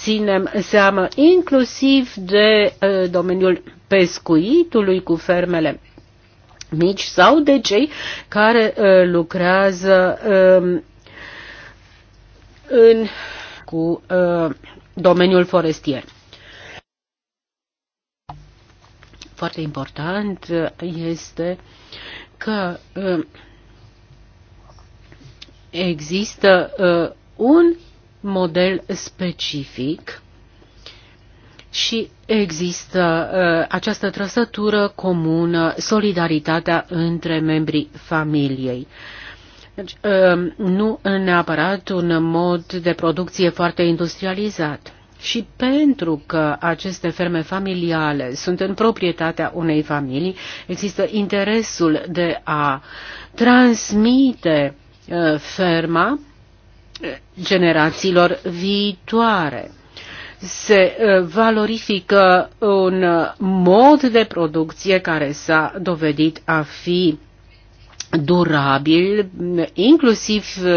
ținem seamă inclusiv de domeniul pescuitului cu fermele mici sau de cei care lucrează în, cu domeniul forestier. Foarte important este că există un model specific și există uh, această trăsătură comună, solidaritatea între membrii familiei. Deci, uh, nu neapărat un mod de producție foarte industrializat. Și pentru că aceste ferme familiale sunt în proprietatea unei familii, există interesul de a transmite uh, ferma generațiilor viitoare. Se uh, valorifică un uh, mod de producție care s-a dovedit a fi durabil, inclusiv uh,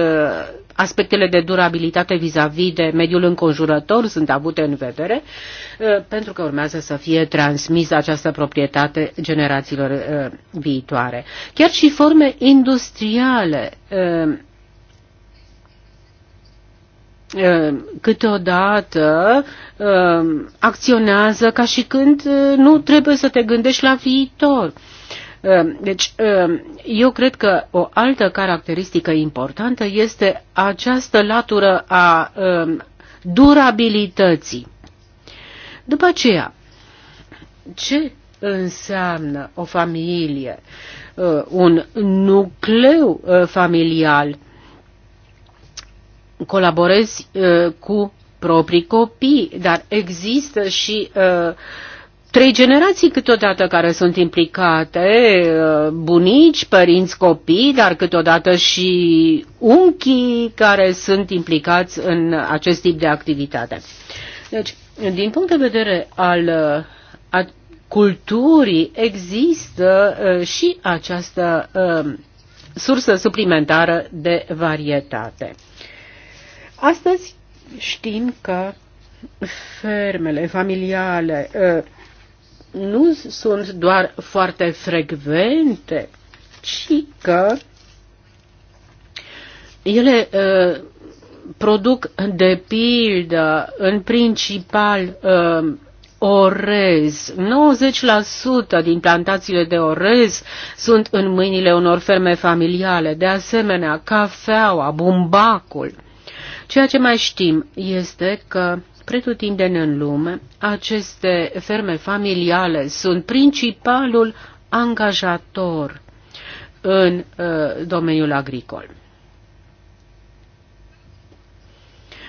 aspectele de durabilitate vis-a-vis -vis de mediul înconjurător sunt avute în vedere, pentru că urmează să fie transmisă această proprietate generațiilor viitoare. Chiar și forme industriale câteodată acționează ca și când nu trebuie să te gândești la viitor. Deci, eu cred că o altă caracteristică importantă este această latură a durabilității. După aceea, ce înseamnă o familie, un nucleu familial? colaborezi uh, cu proprii copii, dar există și uh, trei generații câteodată care sunt implicate, uh, bunici, părinți, copii, dar câteodată și unchii care sunt implicați în acest tip de activitate. Deci, din punct de vedere al uh, a culturii, există și această uh, sursă suplimentară de varietate. Astăzi știm că fermele familiale ă, nu sunt doar foarte frecvente, ci că ele ă, produc de pildă în principal ă, orez. 90% din plantațiile de orez sunt în mâinile unor ferme familiale. De asemenea, cafeaua, bumbacul. Ceea ce mai știm este că pretutindeni în lume, aceste ferme familiale sunt principalul angajator în uh, domeniul agricol.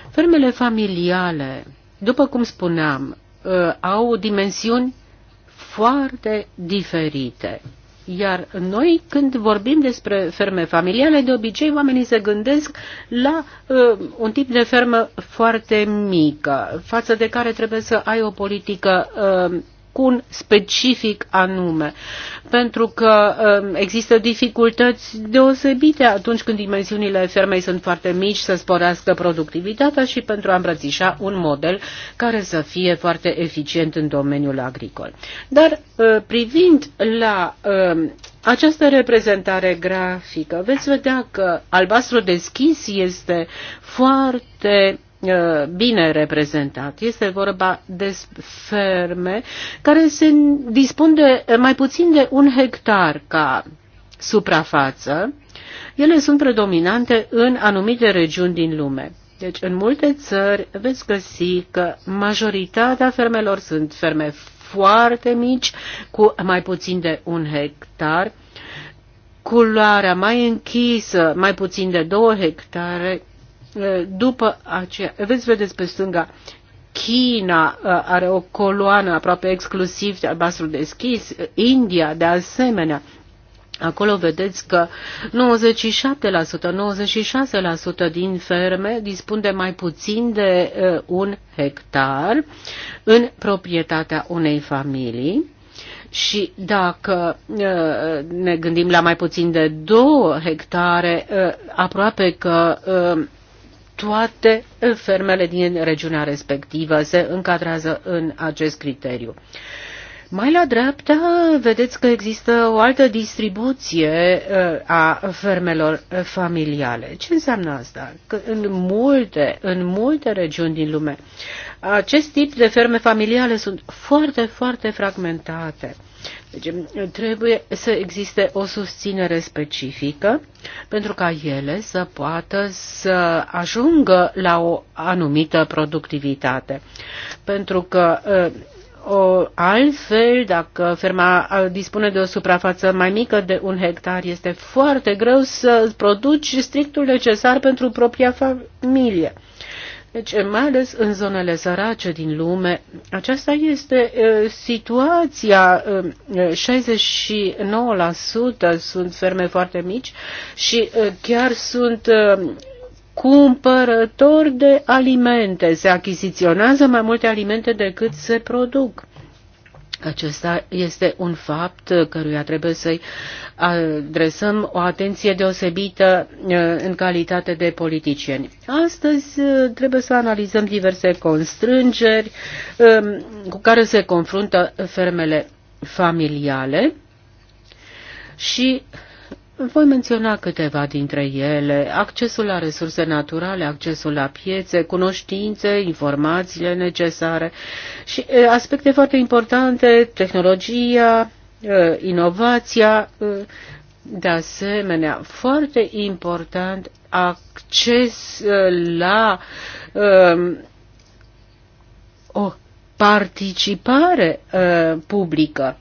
Fermele familiale, după cum spuneam, uh, au dimensiuni foarte diferite. Iar noi, când vorbim despre ferme familiale, de obicei oamenii se gândesc la uh, un tip de fermă foarte mică, față de care trebuie să ai o politică uh, un specific anume, pentru că um, există dificultăți deosebite atunci când dimensiunile fermei sunt foarte mici să sporească productivitatea și pentru a îmbrățișa un model care să fie foarte eficient în domeniul agricol. Dar uh, privind la um, această reprezentare grafică, veți vedea că albastru deschis este foarte Uh, bine reprezentat. Este vorba de ferme care se dispun de mai puțin de un hectar ca suprafață. Ele sunt predominante în anumite regiuni din lume. Deci, în multe țări veți găsi că majoritatea fermelor sunt ferme foarte mici, cu mai puțin de un hectar, culoarea mai închisă, mai puțin de două hectare, după aceea, veți vedeți pe stânga, China are o coloană aproape exclusiv de albastru deschis, India de asemenea. Acolo vedeți că 97%, 96% din ferme dispun de mai puțin de uh, un hectar în proprietatea unei familii. Și dacă uh, ne gândim la mai puțin de două hectare, uh, aproape că uh, toate fermele din regiunea respectivă se încadrează în acest criteriu. Mai la dreapta, vedeți că există o altă distribuție uh, a fermelor familiale. Ce înseamnă asta? Că în multe, în multe regiuni din lume, acest tip de ferme familiale sunt foarte, foarte fragmentate. Deci, eh, trebuie să existe o susținere specifică pentru ca ele să poată să ajungă la o anumită productivitate. Pentru că eh, o, altfel, dacă ferma eh, dispune de o suprafață mai mică de un hectar, este foarte greu să produci strictul necesar pentru propria familie. Deci, mai ales în zonele sărace din lume, aceasta este situația. 69% sunt ferme foarte mici și chiar sunt cumpărători de alimente. Se achiziționează mai multe alimente decât se produc. Acesta este un fapt căruia trebuie să-i adresăm o atenție deosebită uh, în calitate de politicieni. Astăzi uh, trebuie să analizăm diverse constrângeri um, cu care se confruntă fermele familiale și voi menționa câteva dintre ele, accesul la resurse naturale, accesul la piețe, cunoștințe, informațiile necesare și aspecte foarte importante, tehnologia, inovația, de asemenea, foarte important, acces la o participare uh, publică.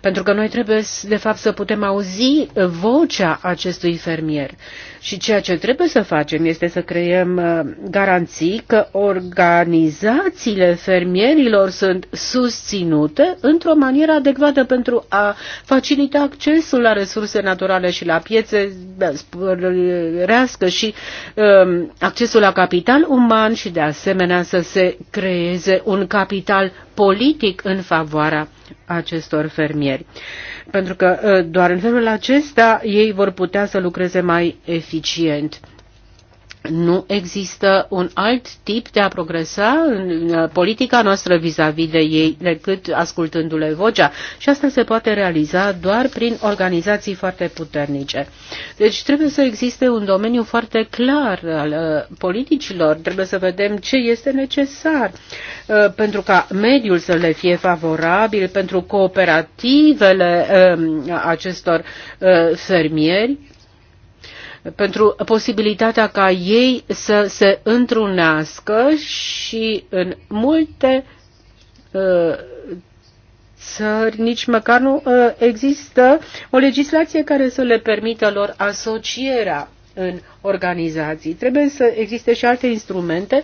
Pentru că noi trebuie, de fapt, să putem auzi vocea acestui fermier. Și ceea ce trebuie să facem este să creăm ă, garanții că organizațiile fermierilor sunt susținute într-o manieră adecvată pentru a facilita accesul la resurse naturale și la piețe, da, rească și um, accesul la capital uman și, de asemenea, să se creeze un capital capital politic în favoarea acestor fermieri. Pentru că uh, doar în felul acesta ei vor putea să lucreze mai eficient nu există un alt tip de a progresa în uh, politica noastră vis-a-vis -vis de ei decât ascultându-le vocea și asta se poate realiza doar prin organizații foarte puternice. Deci trebuie să existe un domeniu foarte clar al uh, politicilor, trebuie să vedem ce este necesar uh, pentru ca mediul să le fie favorabil, pentru cooperativele um, acestor fermieri pentru posibilitatea ca ei să se întrunească și în multe uh, țări nici măcar nu uh, există o legislație care să le permită lor asocierea în organizații. Trebuie să existe și alte instrumente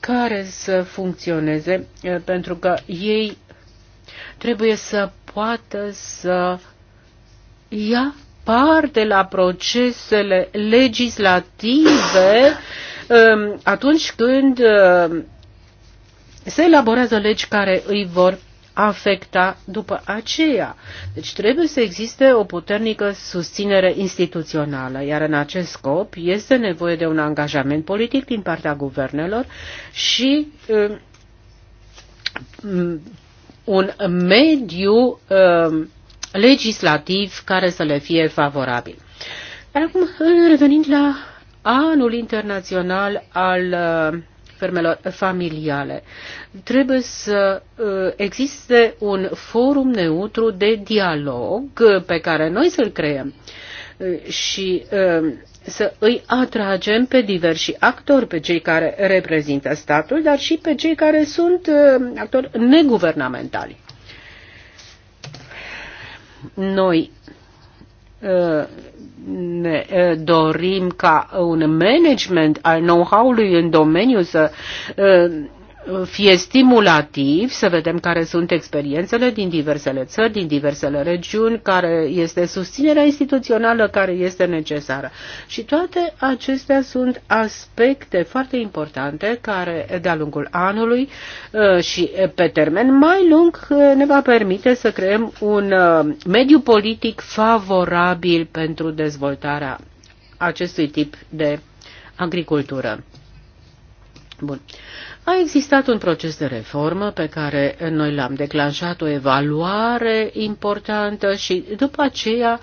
care să funcționeze, uh, pentru că ei trebuie să poată să ia parte la procesele legislative um, atunci când um, se elaborează legi care îi vor afecta după aceea. Deci trebuie să existe o puternică susținere instituțională, iar în acest scop este nevoie de un angajament politic din partea guvernelor și um, un mediu um, legislativ care să le fie favorabil. Acum, revenind la anul internațional al uh, fermelor familiale. Trebuie să uh, existe un forum neutru de dialog uh, pe care noi să-l creăm și să îi atragem pe diversi actori, pe cei care reprezintă statul, dar și pe cei care sunt actori neguvernamentali. Noi uh, ne uh, dorim ca un management al know-how-ului în domeniu să uh, fie stimulativ să vedem care sunt experiențele din diversele țări, din diversele regiuni, care este susținerea instituțională care este necesară. Și toate acestea sunt aspecte foarte importante care de-a lungul anului uh, și pe termen mai lung uh, ne va permite să creăm un uh, mediu politic favorabil pentru dezvoltarea acestui tip de agricultură. Bun. A existat un proces de reformă pe care noi l-am declanșat, o evaluare importantă și după aceea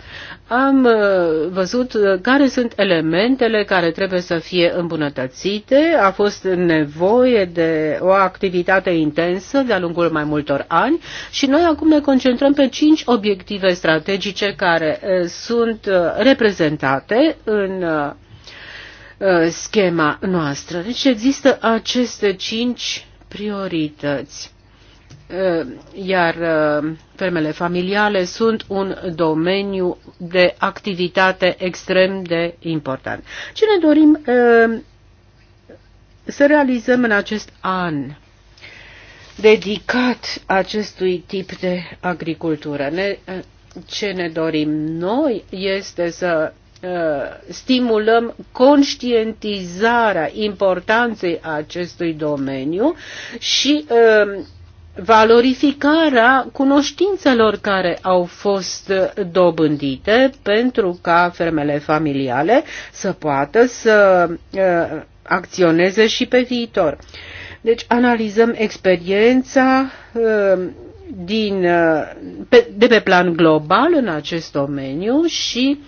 am uh, văzut uh, care sunt elementele care trebuie să fie îmbunătățite. A fost nevoie de o activitate intensă de-a lungul mai multor ani și noi acum ne concentrăm pe cinci obiective strategice care uh, sunt reprezentate în Uh, schema noastră. Deci există aceste cinci priorități. Uh, iar uh, fermele familiale sunt un domeniu de activitate extrem de important. Ce ne dorim să realizăm în acest an dedicat acestui tip de agricultură? Ne, ce ne dorim noi este să Uh, stimulăm conștientizarea importanței acestui domeniu și uh, valorificarea cunoștințelor care au fost uh, dobândite pentru ca fermele familiale să poată să acționeze și pe viitor. Deci analizăm experiența din, de pe plan global în acest domeniu și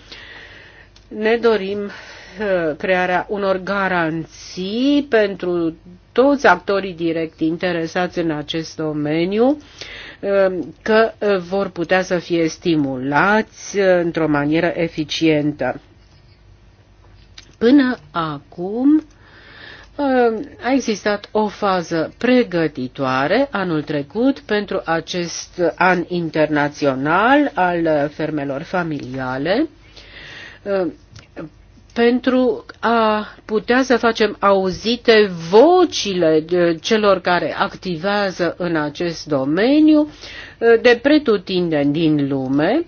ne dorim uh, crearea unor garanții pentru toți actorii direct interesați în acest domeniu uh, că uh, vor putea să fie stimulați într-o manieră eficientă. Până acum a existat o fază pregătitoare anul trecut pentru acest an internațional al fermelor familiale Uh, pentru a putea să facem auzite vocile celor care activează în acest domeniu uh, de pretutindeni din lume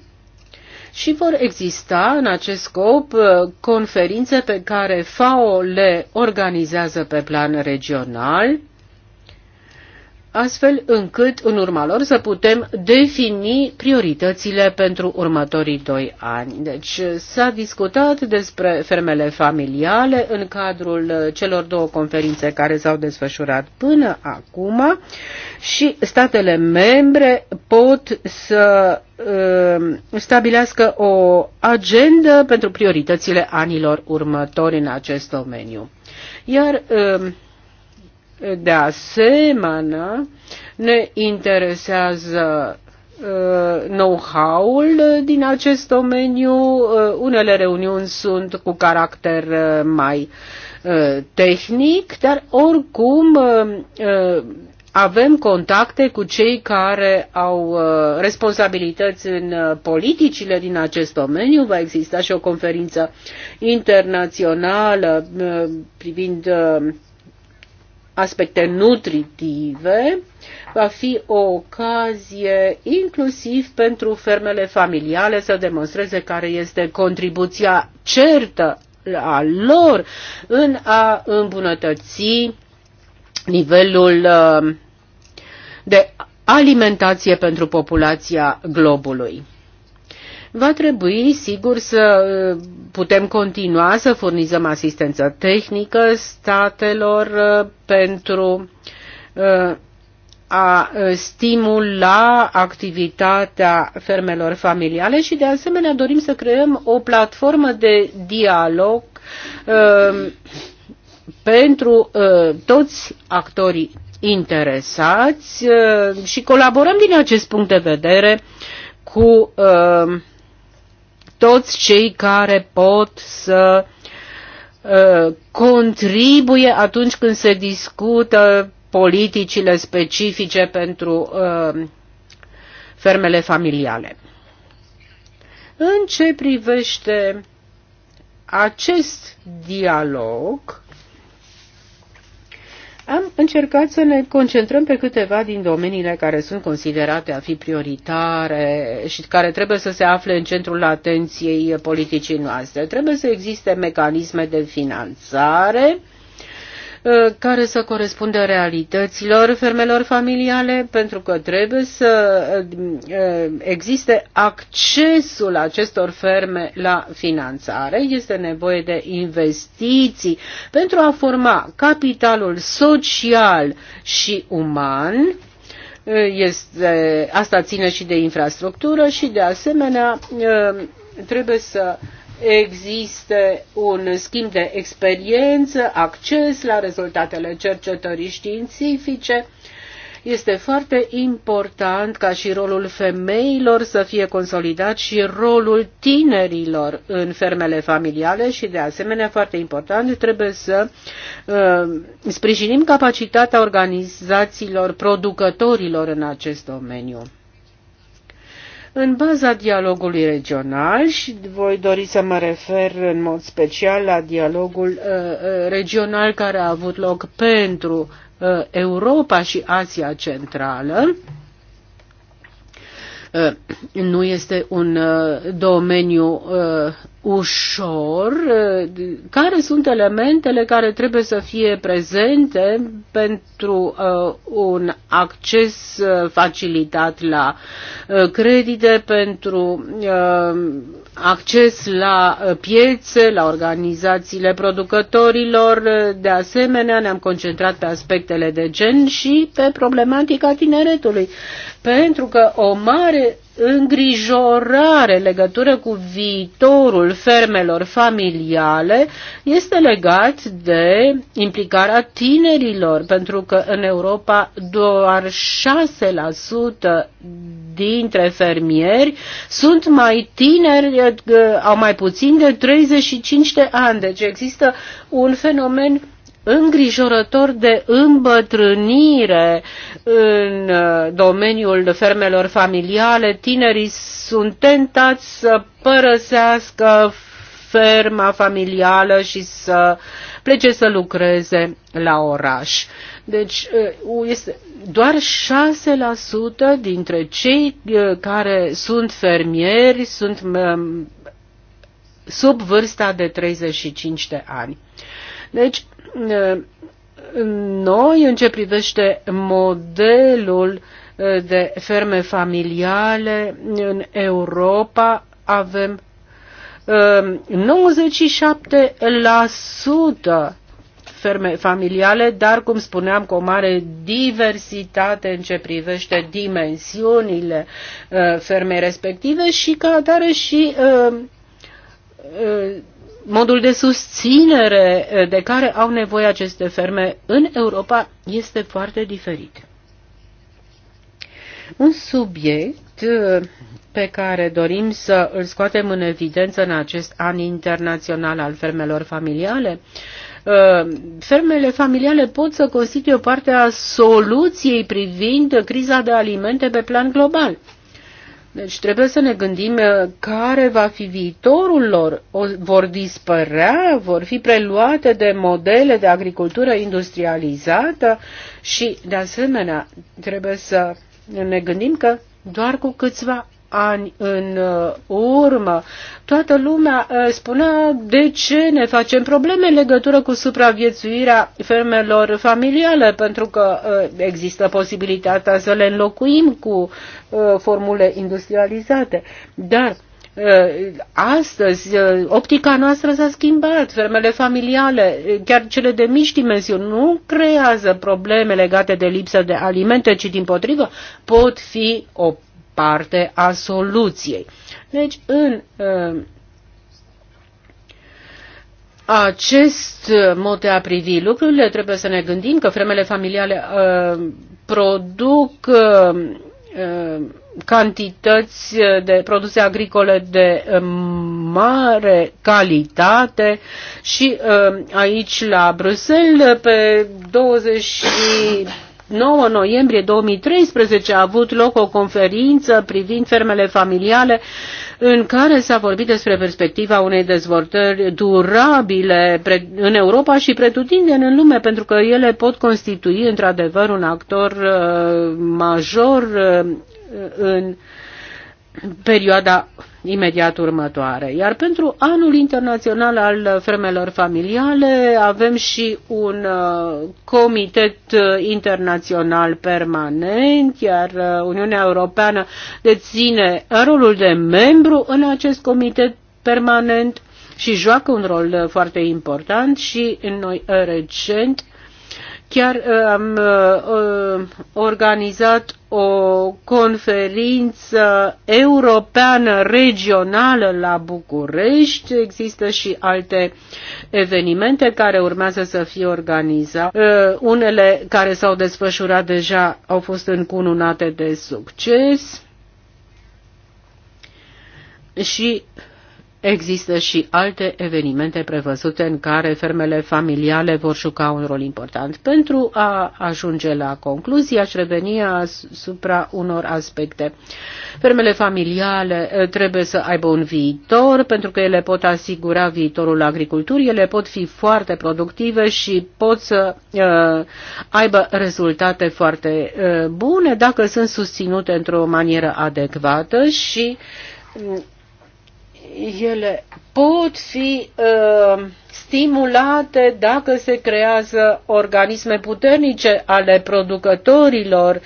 și vor exista în acest scop uh, conferințe pe care FAO le organizează pe plan regional astfel încât în urma lor să putem defini prioritățile pentru următorii doi ani. Deci s-a discutat despre fermele familiale în cadrul celor două conferințe care s-au desfășurat până acum și statele membre pot să um, stabilească o agendă pentru prioritățile anilor următori în acest domeniu. Iar um, de asemenea, ne interesează uh, know-how-ul din acest domeniu. Uh, unele reuniuni sunt cu caracter uh, mai tehnic, dar oricum avem contacte cu cei care au responsabilități în politicile din acest domeniu. Va exista și o conferință internațională privind aspecte nutritive, va fi o ocazie inclusiv pentru fermele familiale să demonstreze care este contribuția certă a lor în a îmbunătăți nivelul uh, de alimentație pentru populația globului. Va trebui, sigur, să uh, putem continua să furnizăm asistență tehnică statelor uh, pentru uh, a stimula activitatea fermelor familiale și, de asemenea, dorim să creăm o platformă de dialog pentru toți actorii interesați și colaborăm din acest punct de vedere cu uh, toți cei care pot să uh, contribuie atunci când se discută politicile specifice pentru uh, fermele familiale. În ce privește acest dialog, am încercat să ne concentrăm pe câteva din domeniile care sunt considerate a fi prioritare și care trebuie să se afle în centrul atenției politicii noastre. Trebuie să existe mecanisme de finanțare, Uh, care să corespundă realităților fermelor familiale, pentru că trebuie să uh, uh, existe accesul acestor ferme la finanțare. Este nevoie de investiții pentru a forma capitalul social și uman. Este, asta ține și de infrastructură și de asemenea trebuie să uh, existe un schimb de experiență, acces la rezultatele cercetării științifice. Este foarte important ca și rolul femeilor să fie consolidat și rolul tinerilor în fermele familiale și, de asemenea, foarte important, trebuie să uh, sprijinim capacitatea organizațiilor producătorilor în acest domeniu. În baza dialogului regional și voi dori să mă refer în mod special la dialogul uh, uh regional care a avut loc pentru uh, Europa și Asia Centrală, uh, nu este un uh, domeniu ușor care sunt elementele care trebuie să fie prezente pentru uh, un acces uh, facilitat la uh, credite, pentru uh, acces la uh, piețe, la organizațiile producătorilor. De asemenea, ne-am concentrat pe aspectele de gen și pe problematica tineretului, pentru că o mare îngrijorare legătură cu viitorul fermelor familiale este legat de implicarea tinerilor, pentru că în Europa doar 6% dintre fermieri sunt mai tineri, au mai puțin de 35 de ani. Deci există un fenomen îngrijorător de îmbătrânire în uh, domeniul fermelor familiale. Tinerii sunt tentați să părăsească ferma familială și să plece să lucreze la oraș. Deci uh, este doar 6% dintre cei uh, care sunt fermieri sunt um, sub vârsta de 35 de ani. Deci noi, în ce privește modelul eh, de ferme familiale în Europa, avem 97% eh, ferme familiale, dar, cum spuneam, cu o mare diversitate în ce privește dimensiunile eh, fermei respective și, ca atare, și modul de susținere eh, de care au nevoie aceste ferme în Europa este foarte diferit. Un subiect eh, pe care dorim să îl scoatem în evidență în acest an internațional al fermelor familiale eh, fermele familiale pot să constituie o parte a soluției privind criza de alimente pe plan global. Deci trebuie să ne gândim uh, care va fi viitorul lor. O, vor dispărea, vor fi preluate de modele de agricultură industrializată și, de asemenea, trebuie să ne gândim că doar cu câțiva ani în uh, urmă, toată lumea uh, spunea de ce ne facem probleme în legătură cu supraviețuirea fermelor familiale, pentru că uh, există posibilitatea să le înlocuim cu formule industrializate. Dar astăzi optica noastră s-a schimbat, fermele familiale, chiar cele de mici dimensiuni, nu creează probleme legate de lipsă de alimente, ci din potrivă pot fi o parte a soluției. Deci, în uh, acest mod de a privi lucrurile, trebuie să ne gândim că fremele familiale uh, produc uh, uh, cantități de produse agricole de uh, mare calitate și uh, aici la Bruxelles pe 20 9 noiembrie 2013 a avut loc o conferință privind fermele familiale în care s-a vorbit despre perspectiva unei dezvoltări durabile în Europa și pretutindeni în lume, pentru că ele pot constitui într-adevăr un actor uh, major uh, în perioada imediat următoare. Iar pentru anul internațional al fermelor familiale avem și un uh, comitet uh, internațional permanent, iar uh, Uniunea Europeană deține rolul de membru în acest comitet permanent și joacă un rol foarte important și noi recent Chiar am um, uh, organizat o conferință europeană regională la București. Există și alte evenimente care urmează să fie organizate. Uh, unele care s-au desfășurat deja au fost încununate de succes. Și Există și alte evenimente prevăzute în care fermele familiale vor juca un rol important. Pentru a ajunge la concluzie, aș reveni asupra unor aspecte. Fermele familiale eh, trebuie să aibă un viitor, pentru că ele pot asigura viitorul agriculturii, ele pot fi foarte productive și pot să uh, aibă rezultate foarte uh, bune dacă sunt susținute într-o manieră adecvată și uh, ele pot fi uh, stimulate dacă se creează organisme puternice ale producătorilor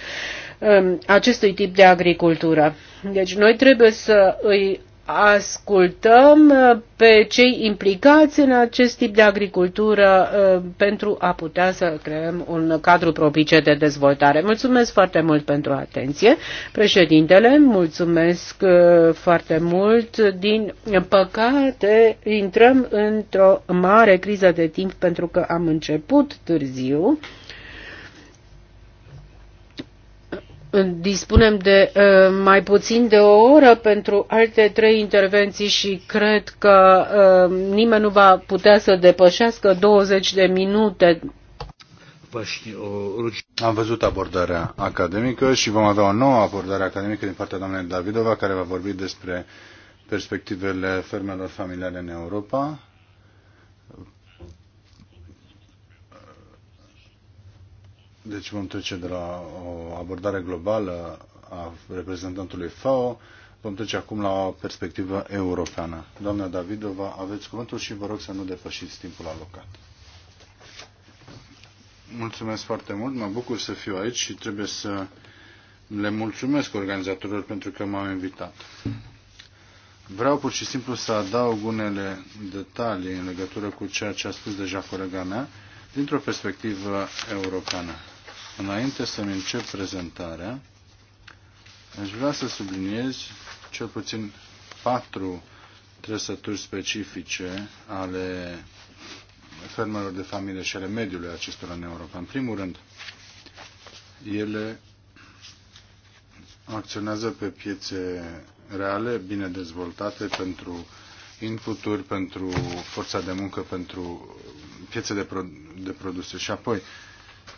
uh, acestui tip de agricultură. Deci noi trebuie să îi ascultăm uh, pe cei implicați în acest tip de agricultură uh, pentru a putea să creăm un cadru propice de dezvoltare. Mulțumesc foarte mult pentru atenție. Președintele, mulțumesc uh, foarte mult. Din păcate, intrăm într-o mare criză de timp pentru că am început târziu. dispunem de uh, mai puțin de o oră pentru alte trei intervenții și cred că uh, nimeni nu va putea să depășească 20 de minute. Am văzut abordarea academică și vom avea o nouă abordare academică din partea doamnei Davidova, care va vorbi despre perspectivele fermelor familiale în Europa. Deci vom trece de la o abordare globală a reprezentantului FAO, vom trece acum la o perspectivă europeană. Doamna Davidova, aveți cuvântul și vă rog să nu depășiți timpul alocat. Mulțumesc foarte mult, mă bucur să fiu aici și trebuie să le mulțumesc organizatorilor pentru că m-au invitat. Vreau pur și simplu să adaug unele detalii în legătură cu ceea ce a spus deja colega mea, dintr-o perspectivă europeană. Înainte să-mi încep prezentarea, aș vrea să subliniez cel puțin patru trăsături specifice ale fermelor de familie și ale mediului acestora în Europa. În primul rând, ele acționează pe piețe reale, bine dezvoltate pentru inputuri, pentru forța de muncă, pentru piețe de, pro- de produse. Și apoi, uh,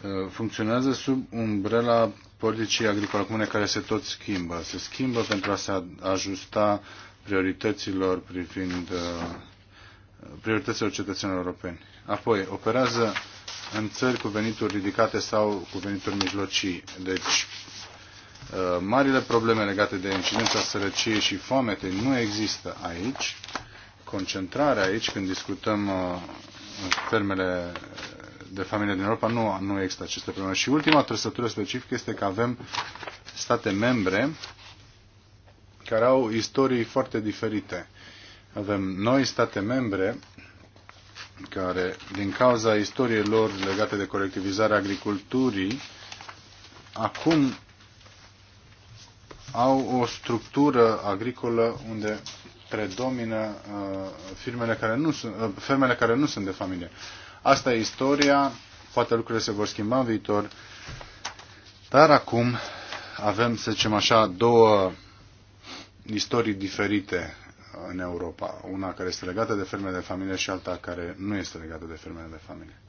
Uh, funcționează sub umbrela politicii agricole comune care se tot schimbă. Se schimbă pentru a se ajusta priorităților privind uh, prioritățile cetățenilor europeni. Apoi, operează în țări cu venituri ridicate sau cu venituri mijlocii. Deci, uh, marile probleme legate de incidența sărăciei și foamete nu există aici. Concentrarea aici, când discutăm fermele de familie din Europa nu, nu există aceste probleme. Și ultima trăsătură specifică este că avem state membre care au istorii foarte diferite. Avem noi state membre care, din cauza istoriei lor legate de colectivizarea agriculturii, acum au o structură agricolă unde predomină uh, firmele care nu sunt, uh, fermele care nu sunt de familie. Asta e istoria, poate lucrurile se vor schimba în viitor, dar acum avem, să zicem așa, două istorii diferite în Europa. Una care este legată de fermele de familie și alta care nu este legată de fermele de familie.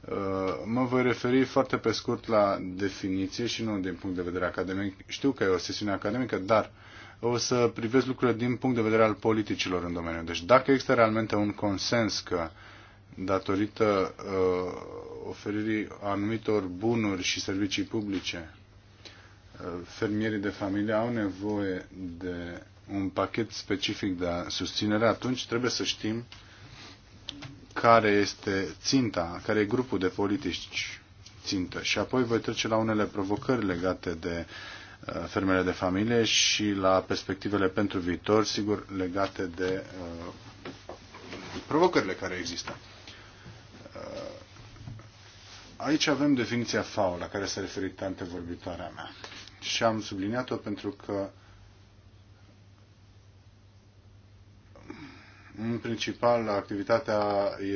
Uh, mă voi referi foarte pe scurt la definiție și nu din punct de vedere academic. Știu că e o sesiune academică, dar o să privesc lucrurile din punct de vedere al politicilor în domeniu. Deci dacă există realmente un consens că datorită uh, oferirii anumitor bunuri și servicii publice, uh, fermierii de familie au nevoie de un pachet specific de susținere, atunci trebuie să știm care este ținta, care e grupul de politici țintă. Și apoi voi trece la unele provocări legate de uh, Uh, fermele de familie și la perspectivele pentru viitor, sigur, legate de uh, provocările care există. Uh, aici avem definiția FAO la care s-a referit vorbitoarea mea și am subliniat-o pentru că în principal activitatea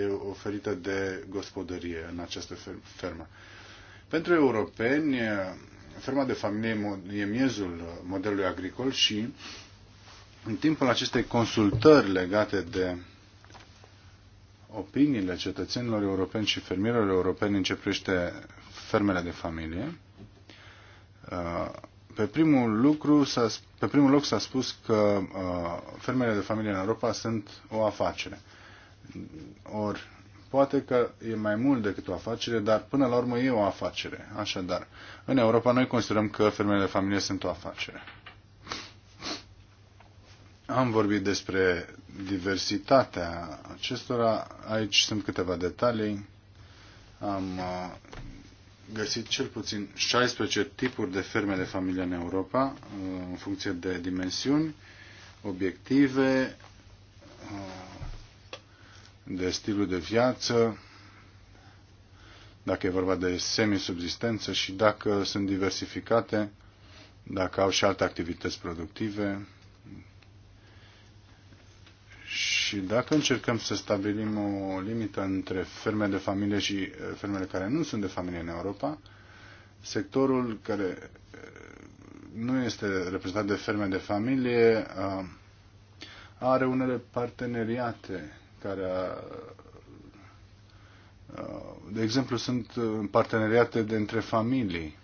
e oferită de gospodărie în această fermă. Pentru europeni, ferma de familie e miezul uh, modelului agricol și în timpul acestei consultări legate de opiniile cetățenilor europeni și fermierilor europeni în ce privește fermele de familie, uh, pe primul, lucru pe primul loc s-a spus că uh, fermele de familie în Europa sunt o afacere. Ori Poate că e mai mult decât o afacere, dar până la urmă e o afacere. Așadar, în Europa noi considerăm că fermele de familie sunt o afacere. Am vorbit despre diversitatea acestora. Aici sunt câteva detalii. Am uh, găsit cel puțin 16 tipuri de ferme de familie în Europa, uh, în funcție de dimensiuni, obiective, uh, de stilul de viață, dacă e vorba de semisubzistență și dacă sunt diversificate, dacă au și alte activități productive. Și dacă încercăm să stabilim o limită între ferme de familie și eh, fermele care nu sunt de familie în Europa, sectorul care eh, nu este reprezentat de ferme de familie are unele parteneriate care a, de exemplu, sunt parteneriate de între familii.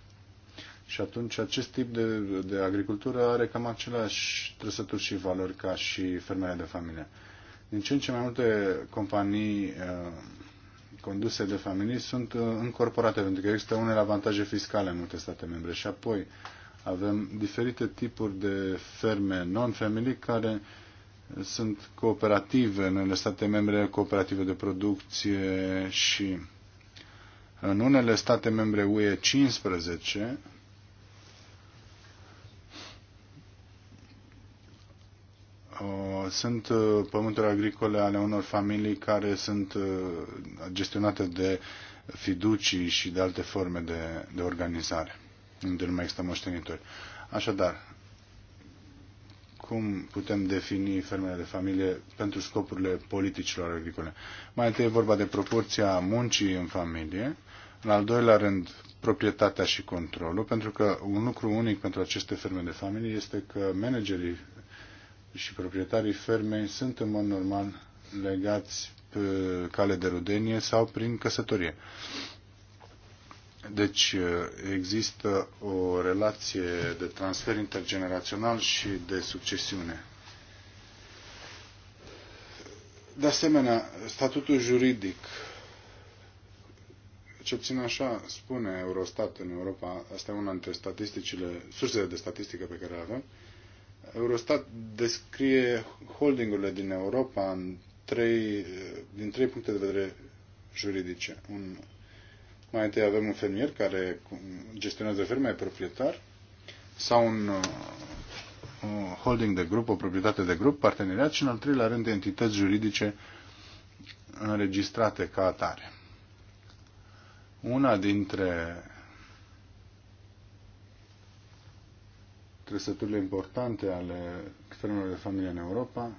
Și atunci acest tip de, de agricultură are cam aceleași trăsături și valori ca și fermele de familie. Din ce în ce mai multe companii conduse de familii sunt încorporate, pentru că există unele avantaje fiscale în multe state membre. Și apoi avem diferite tipuri de ferme non-family care sunt cooperative în unele state membre, cooperative de producție și în unele state membre UE 15 sunt uh, pământuri agricole ale unor familii care sunt uh, gestionate de fiducii și de alte forme de, de organizare, unde nu mai există moștenitori. Așadar, cum putem defini fermele de familie pentru scopurile politicilor agricole. Mai întâi e vorba de proporția muncii în familie, în al doilea rând proprietatea și controlul, pentru că un lucru unic pentru aceste ferme de familie este că managerii și proprietarii fermei sunt în mod normal legați pe cale de rudenie sau prin căsătorie. Deci uh, există o relație de transfer intergenerațional și de succesiune. De asemenea, statutul juridic, ce puțin așa spune Eurostat în Europa, asta e una dintre statisticile, sursele de statistică pe care le avem, Eurostat descrie holdingurile din Europa în trei, din trei puncte de vedere juridice. Un mai întâi avem un fermier care gestionează ferma, e proprietar, sau uh, un holding de grup, o proprietate de grup, parteneriat și, în al treilea rând, entități juridice înregistrate ca atare. Una dintre trăsăturile importante ale fermelor de familie în Europa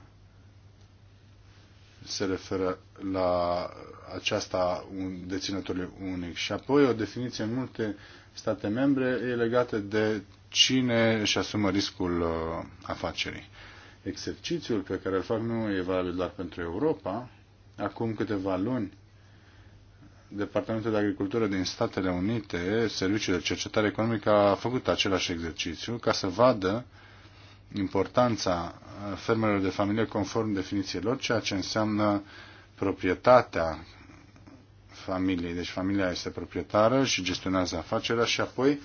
se referă la aceasta deținătorul unic. Și apoi o definiție în multe state membre e legată de cine își asumă riscul uh, afacerii. Exercițiul pe care îl fac nu e valabil doar pentru Europa. Acum câteva luni, Departamentul de Agricultură din Statele Unite, Serviciul de Cercetare Economică, a făcut același exercițiu ca să vadă uh, importanța uh, fermelor de familie conform definițiilor, ceea ce înseamnă proprietatea familiei. Deci familia este proprietară și gestionează afacerea și apoi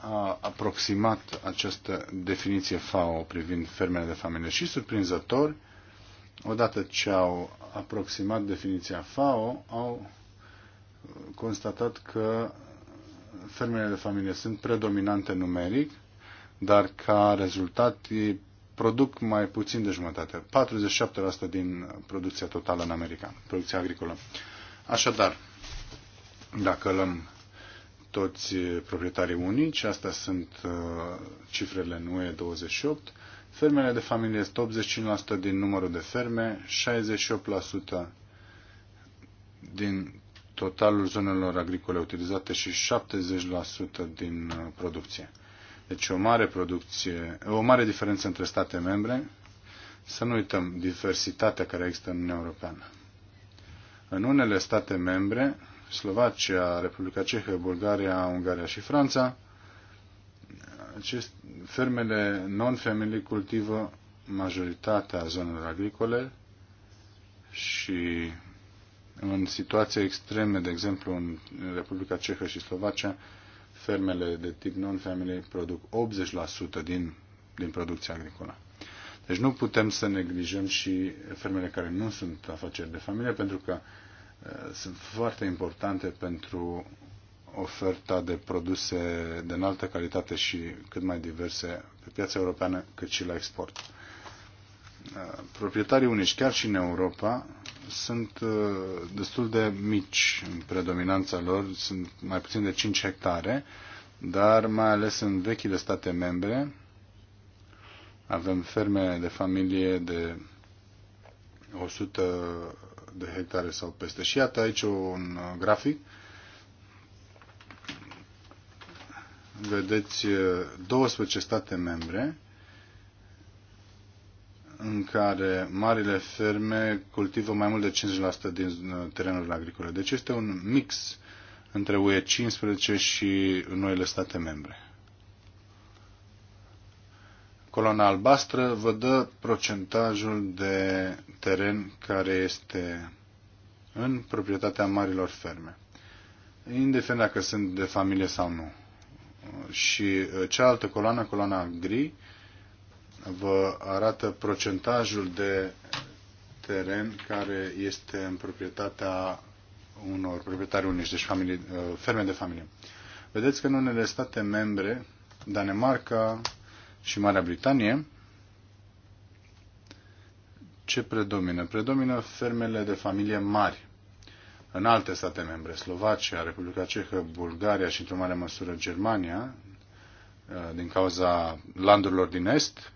a aproximat această definiție FAO privind fermele de familie și surprinzător, odată ce au aproximat definiția FAO, au uh, constatat că fermele de familie sunt predominante numeric dar ca rezultat produc mai puțin de jumătate, 47% din producția totală în America, producția agricolă. Așadar, dacă luăm toți eh, proprietarii unici, astea sunt eh, cifrele în UE 28, fermele de familie este 85% din numărul de ferme, 68% din totalul zonelor agricole utilizate și 70% din eh, producție. Deci o mare producție, o mare diferență între state membre. Să nu uităm diversitatea care există în Uniunea Europeană. În unele state membre, Slovacia, Republica Cehă, Bulgaria, Ungaria și Franța, acest, fermele non-family cultivă majoritatea zonelor agricole și în situații extreme, de exemplu în Republica Cehă și Slovacia, fermele de tip non-family produc 80% din, din producția agricolă. Deci nu putem să neglijăm și fermele care nu sunt afaceri de familie, pentru că uh, sunt foarte importante pentru oferta de produse de înaltă calitate și cât mai diverse pe piața europeană, cât și la export. Uh, proprietarii unici, chiar și în Europa, sunt uh, destul de mici în predominanța lor, sunt mai puțin de 5 hectare, dar mai ales în vechile state membre avem ferme de familie de 100 de hectare sau peste. Și iată aici un uh, grafic. Vedeți 12 uh, state membre în care marile ferme cultivă mai mult de 50% din uh, terenurile agricole. Deci este un mix între UE 15 și noile state membre. Coloana albastră vă dă procentajul de teren care este în proprietatea marilor ferme, indiferent dacă sunt de familie sau nu. Și uh, cealaltă coloană, coloana gri, vă arată procentajul de teren care este în proprietatea unor proprietari unici, deci familie, uh, ferme de familie. Vedeți că în unele state membre, Danemarca și Marea Britanie, ce predomină? Predomină fermele de familie mari. În alte state membre, Slovacia, Republica Cehă, Bulgaria și într-o mare măsură Germania, uh, din cauza landurilor din Est,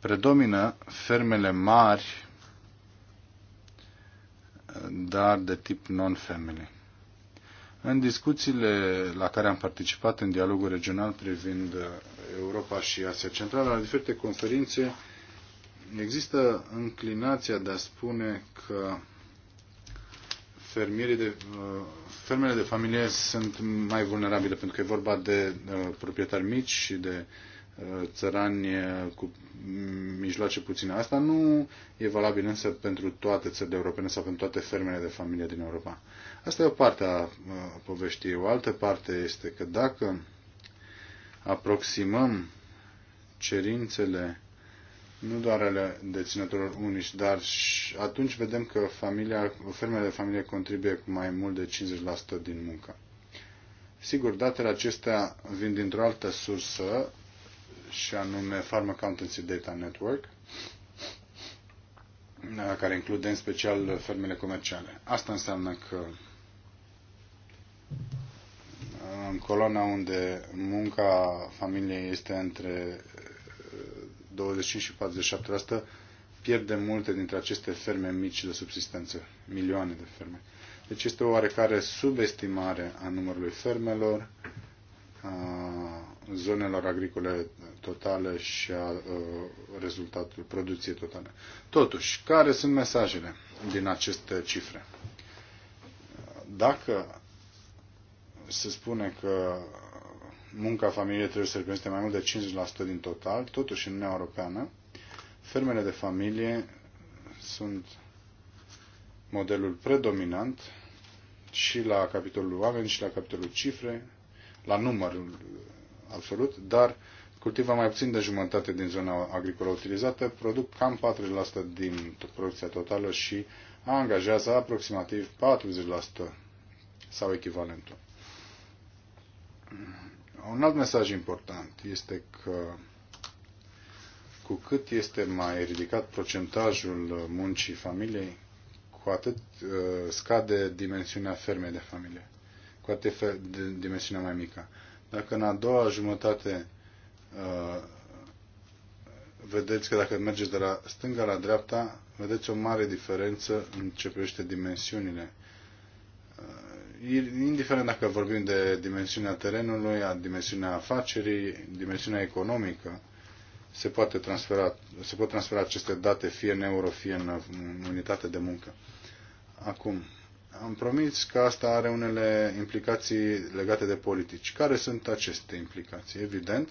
Predomină fermele mari, dar de tip non-family. În discuțiile la care am participat în dialogul regional privind Europa și Asia Centrală, la diferite conferințe, există înclinația de a spune că fermierii de, fermele de familie sunt mai vulnerabile pentru că e vorba de uh, proprietari mici și de uh, Uh, țărani uh, cu mijloace puține. Asta nu e valabil însă pentru toate țările europene sau pentru toate fermele de familie din Europa. Asta e o parte a uh, poveștii. O altă parte este că dacă aproximăm cerințele nu doar ale deținătorilor unici, dar și atunci vedem că familia, fermele de familie contribuie cu mai mult de 50% din muncă. Sigur, datele acestea vin dintr-o altă sursă, și anume Farm Accountancy Data Network, care include în special fermele comerciale. Asta înseamnă că în coloana unde munca familiei este între 25 uh, și 47%, pierde multe dintre aceste ferme mici de subsistență, milioane de ferme. Deci este o oarecare subestimare a numărului fermelor, a zonelor agricole totale și a uh, rezultatului producției totale. Totuși, care sunt mesajele din aceste cifre? Dacă se spune că munca familiei trebuie să reprezinte mai mult de 5% din total, totuși în Uniunea Europeană, fermele de familie sunt modelul predominant și la capitolul oameni și la capitolul cifre, la numărul absolut, dar cultivă mai puțin de jumătate din zona agricolă utilizată, produc cam 40% din producția totală și angajează aproximativ 40% sau echivalentul. Un alt mesaj important este că cu cât este mai ridicat procentajul muncii familiei, cu atât uh, scade dimensiunea fermei de familie, cu atât dimensiunea mai mică. Dacă în a doua jumătate uh, vedeți că dacă mergeți de la stânga la dreapta, vedeți o mare diferență în ce privește dimensiunile. Uh, indiferent dacă vorbim de dimensiunea terenului, a dimensiunea afacerii, dimensiunea economică, se, poate transfera, se pot transfera aceste date fie în euro, fie în unitate de muncă. Acum, am promis că asta are unele implicații legate de politici. Care sunt aceste implicații? Evident,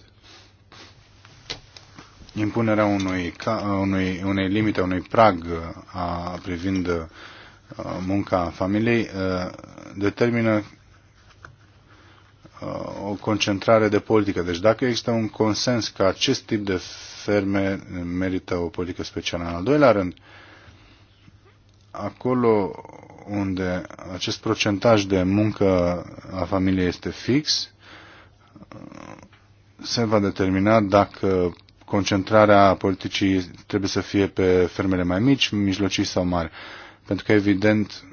impunerea unui, unui, unei limite, unui prag uh, a, privind uh, munca familiei uh, determină o concentrare de politică. Deci dacă există un consens că acest tip de ferme merită o politică specială. În al doilea rând, acolo unde acest procentaj de muncă a familiei este fix, se va determina dacă concentrarea politicii trebuie să fie pe fermele mai mici, mijlocii sau mari. Pentru că, evident,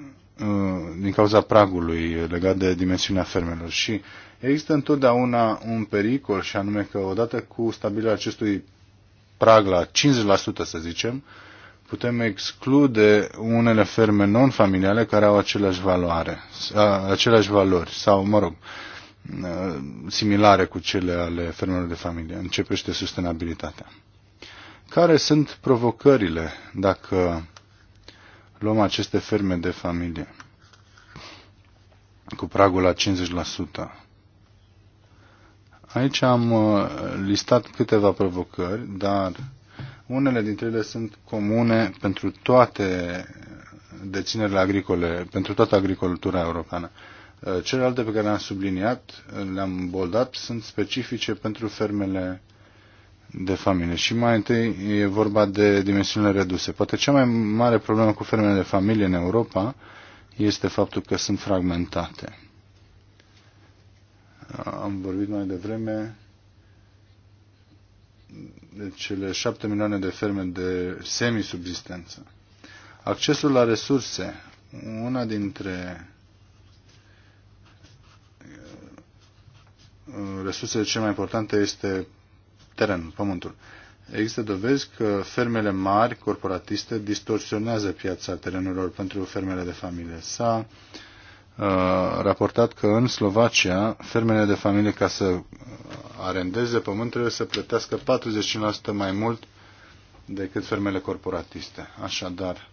din cauza pragului legat de dimensiunea fermelor. Și există întotdeauna un pericol, și anume că odată cu stabilirea acestui prag la 50%, să zicem, putem exclude unele ferme non-familiale care au aceleași valoare, aceleași valori sau, mă rog, similare cu cele ale fermelor de familie. Începește sustenabilitatea. Care sunt provocările dacă luăm aceste ferme de familie cu pragul la 50%? Aici am listat câteva provocări, dar unele dintre ele sunt comune pentru toate deținerile agricole, pentru toată agricultura europeană. Uh, celelalte pe care le-am subliniat, le-am boldat, sunt specifice pentru fermele de familie. Și mai întâi e vorba de dimensiunile reduse. Poate cea mai mare problemă cu fermele de familie în Europa este faptul că sunt fragmentate. Uh, am vorbit mai devreme cele șapte milioane de ferme de semisubzistență. Accesul la resurse, una dintre uh, resursele cele mai importante este terenul, pământul. Există dovezi că fermele mari, corporatiste, distorsionează piața terenurilor pentru fermele de familie. S-a uh, raportat că în Slovacia fermele de familie ca să arendeze pământ trebuie să plătească 45% mai mult decât fermele corporatiste. Așadar,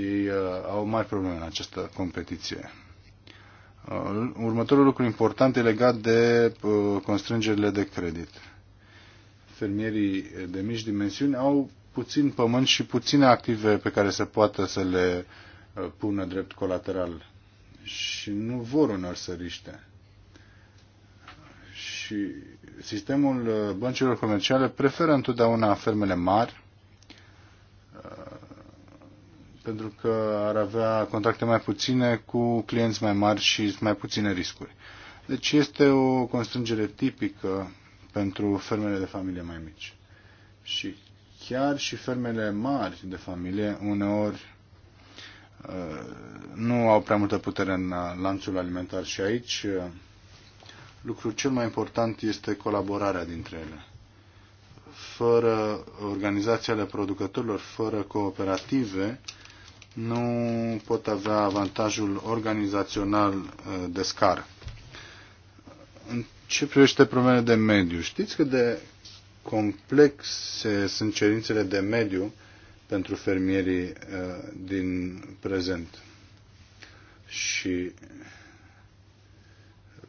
ei au mari probleme în această competiție. Următorul lucru important e legat de constrângerile de credit. Fermierii de mici dimensiuni au puțin pământ și puține active pe care se poată să le pună drept colateral și nu vor un săriște. Și sistemul uh, băncilor comerciale preferă întotdeauna fermele mari uh, pentru că ar avea contacte mai puține cu clienți mai mari și mai puține riscuri. Deci este o constrângere tipică pentru fermele de familie mai mici. Și chiar și fermele mari de familie uneori nu au prea multă putere în uh, lanțul alimentar și aici uh, lucrul cel mai important este colaborarea dintre ele. Fără organizațiile producătorilor, fără cooperative, nu pot avea avantajul organizațional uh, de scară. În ce privește problemele de mediu, știți că de complexe sunt cerințele de mediu pentru fermierii uh, din prezent și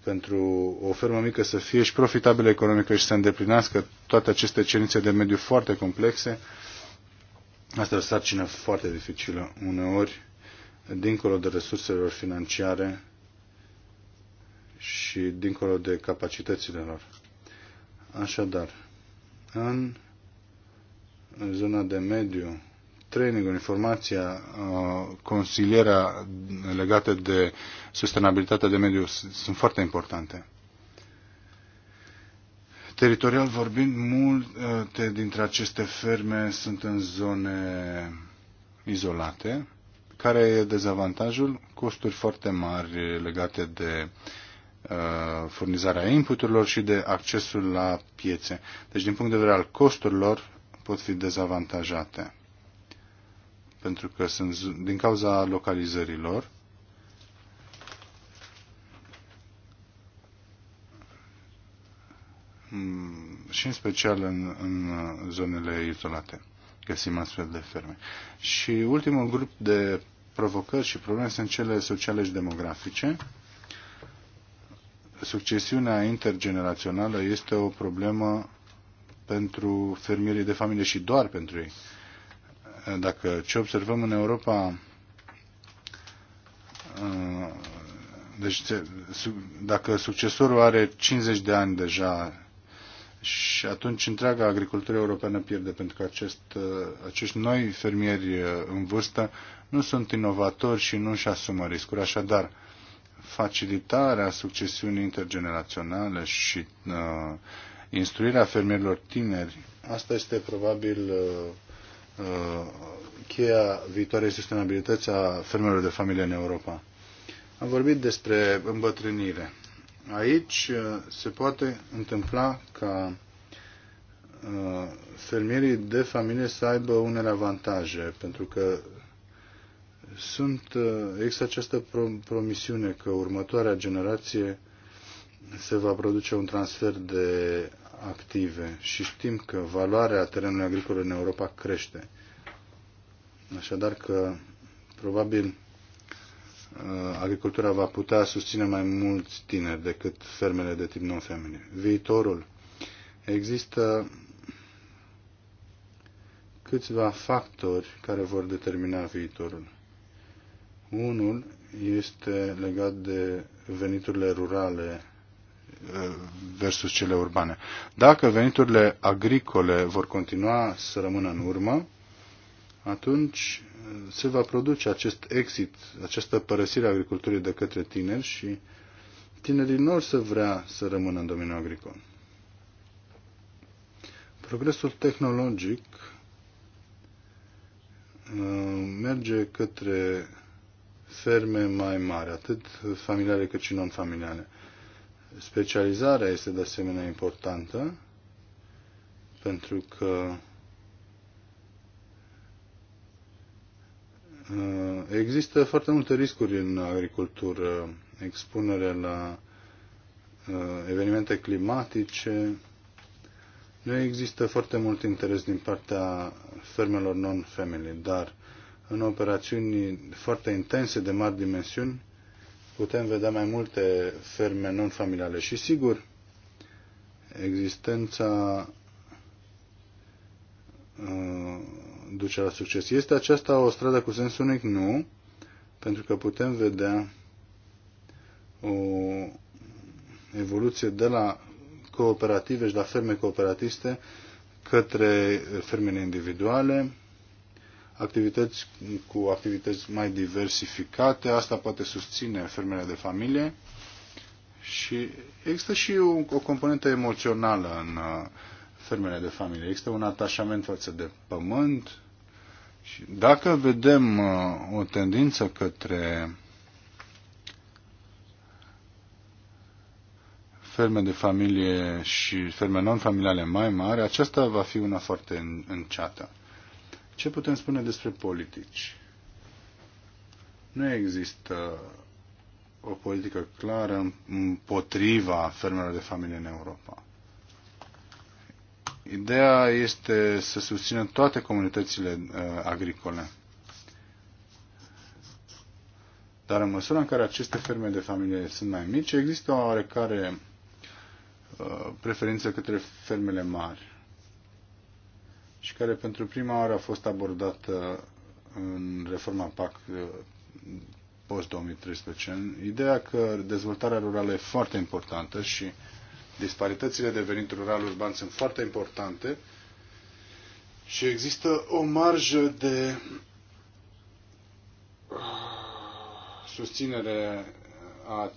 pentru o fermă mică să fie și profitabilă economică și să îndeplinească toate aceste cerințe de mediu foarte complexe, asta e o sarcină foarte dificilă. Uneori, dincolo de resurselor financiare și dincolo de capacitățile lor. Așadar, în zona de mediu, training informația, uh, consilierea legată de sustenabilitatea de mediu sunt foarte importante. Teritorial vorbind, multe dintre aceste ferme sunt în zone izolate. Care e dezavantajul? Costuri foarte mari legate de uh, furnizarea inputurilor și de accesul la piețe. Deci, din punct de vedere al costurilor, pot fi dezavantajate pentru că sunt din cauza localizărilor. Mm, și în special în, în uh, zonele izolate găsim astfel de ferme. Și ultimul grup de provocări și probleme sunt cele sociale și demografice. Succesiunea intergenerațională este o problemă pentru fermierii de familie și doar pentru ei. Uh, dacă ce observăm în Europa, uh, deci dacă succesorul are 50 de ani deja și atunci întreaga agricultură europeană pierde pentru că acest, uh, acești noi fermieri uh, în vârstă nu sunt inovatori și nu își asumă riscuri. Așadar, facilitarea succesiunii intergeneraționale și uh, instruirea fermierilor tineri, asta este probabil uh, Uh, cheia viitoarei sustenabilități a fermelor de familie în Europa. Am vorbit despre îmbătrânire. Aici uh, se poate întâmpla ca uh, fermierii de familie să aibă unele avantaje, pentru că sunt, există această promisiune că următoarea generație se va produce un transfer de active și știm că valoarea terenului agricol în Europa crește. Așadar că probabil uh, agricultura va putea susține mai mulți tineri decât fermele de tip non-feminin. Viitorul. Există câțiva factori care vor determina viitorul. Unul este legat de veniturile rurale versus cele urbane. Dacă veniturile agricole vor continua să rămână în urmă, atunci uh, se va produce acest exit, această părăsire a agriculturii de către tineri și tinerii nu or să vrea să rămână în domeniul agricol. Progresul tehnologic uh, merge către ferme mai mari, atât familiale cât și non-familiale. Specializarea este de asemenea importantă pentru că uh, există foarte multe riscuri în agricultură, expunere la uh, evenimente climatice. Nu există foarte mult interes din partea fermelor non-family, dar în operațiuni foarte intense de mari dimensiuni putem vedea mai multe ferme non-familiale. Și sigur, existența uh, duce la succes. Este aceasta o stradă cu sens unic? Nu, pentru că putem vedea o evoluție de la cooperative și la ferme cooperatiste către fermele individuale, activități cu activități mai diversificate, asta poate susține fermele de familie și există și o, o componentă emoțională în uh, fermele de familie. Există un atașament față de pământ și dacă vedem uh, o tendință către ferme de familie și ferme non-familiale mai mari, aceasta va fi una foarte înceată. Ce putem spune despre politici? Nu există o politică clară împotriva fermelor de familie în Europa. Ideea este să susțină toate comunitățile uh, agricole. Dar în măsura în care aceste ferme de familie sunt mai mici, există o oarecare uh, preferință către fermele mari și care pentru prima oară a fost abordată în reforma PAC uh, post-2013. Ideea că dezvoltarea rurală e foarte importantă și disparitățile de venit rural-urban sunt foarte importante și există o marjă de uh, susținere a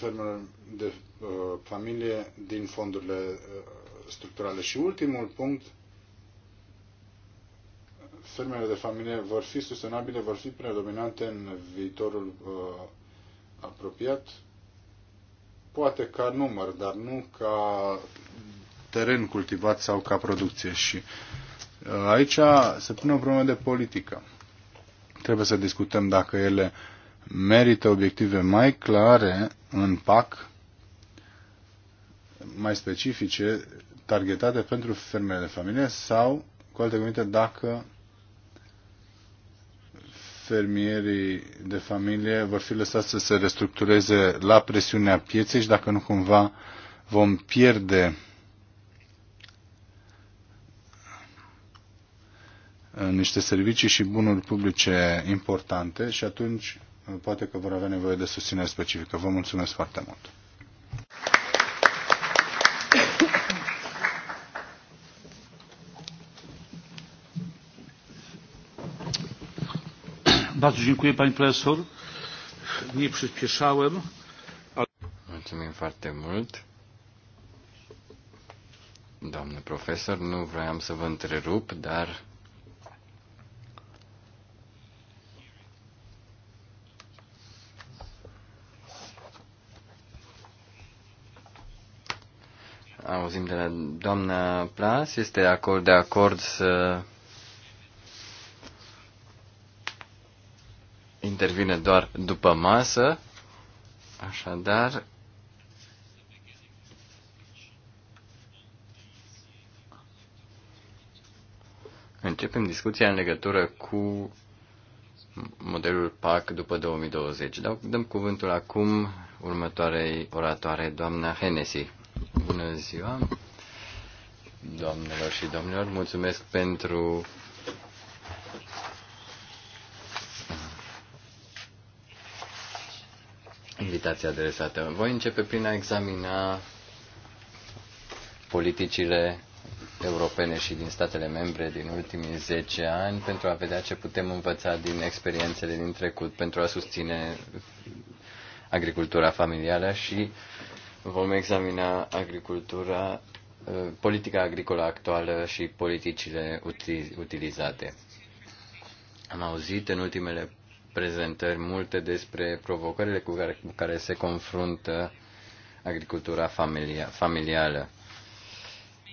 fermelor de uh, familie din fondurile uh, structurale. Și ultimul punct fermele de familie vor fi sustenabile, vor fi predominante în viitorul uh, apropiat, poate ca număr, dar nu ca teren cultivat sau ca producție. Și uh, aici se pune o problemă de politică. Trebuie să discutăm dacă ele merită obiective mai clare în PAC, mai specifice, targetate pentru fermele de familie sau, cu alte cuvinte, dacă fermierii de familie vor fi lăsați să se restructureze la presiunea pieței și dacă nu cumva vom pierde uh, niște servicii și bunuri publice importante și atunci uh, poate că vor avea nevoie de susținere specifică. Vă mulțumesc foarte mult! Bardzo dziękuję pani profesor. Nie przyspieszałem. Mulțumim foarte mult. Doamne profesor, nu vreau să vă întrerup, dar auzim de la doamna Plas, este de acord de acord să intervine doar după masă, așadar începem discuția în legătură cu modelul PAC după 2020. Dăm cuvântul acum următoarei oratoare, doamna Hennessy. Bună ziua, doamnelor și domnilor, mulțumesc pentru invitația adresată. Voi începe prin a examina politicile europene și din statele membre din ultimii 10 ani pentru a vedea ce putem învăța din experiențele din trecut pentru a susține agricultura familială și vom examina agricultura, eh, politica agricolă actuală și politicile utilizate. Am auzit în ultimele prezentări multe despre provocările cu care, cu care se confruntă agricultura familia, familială.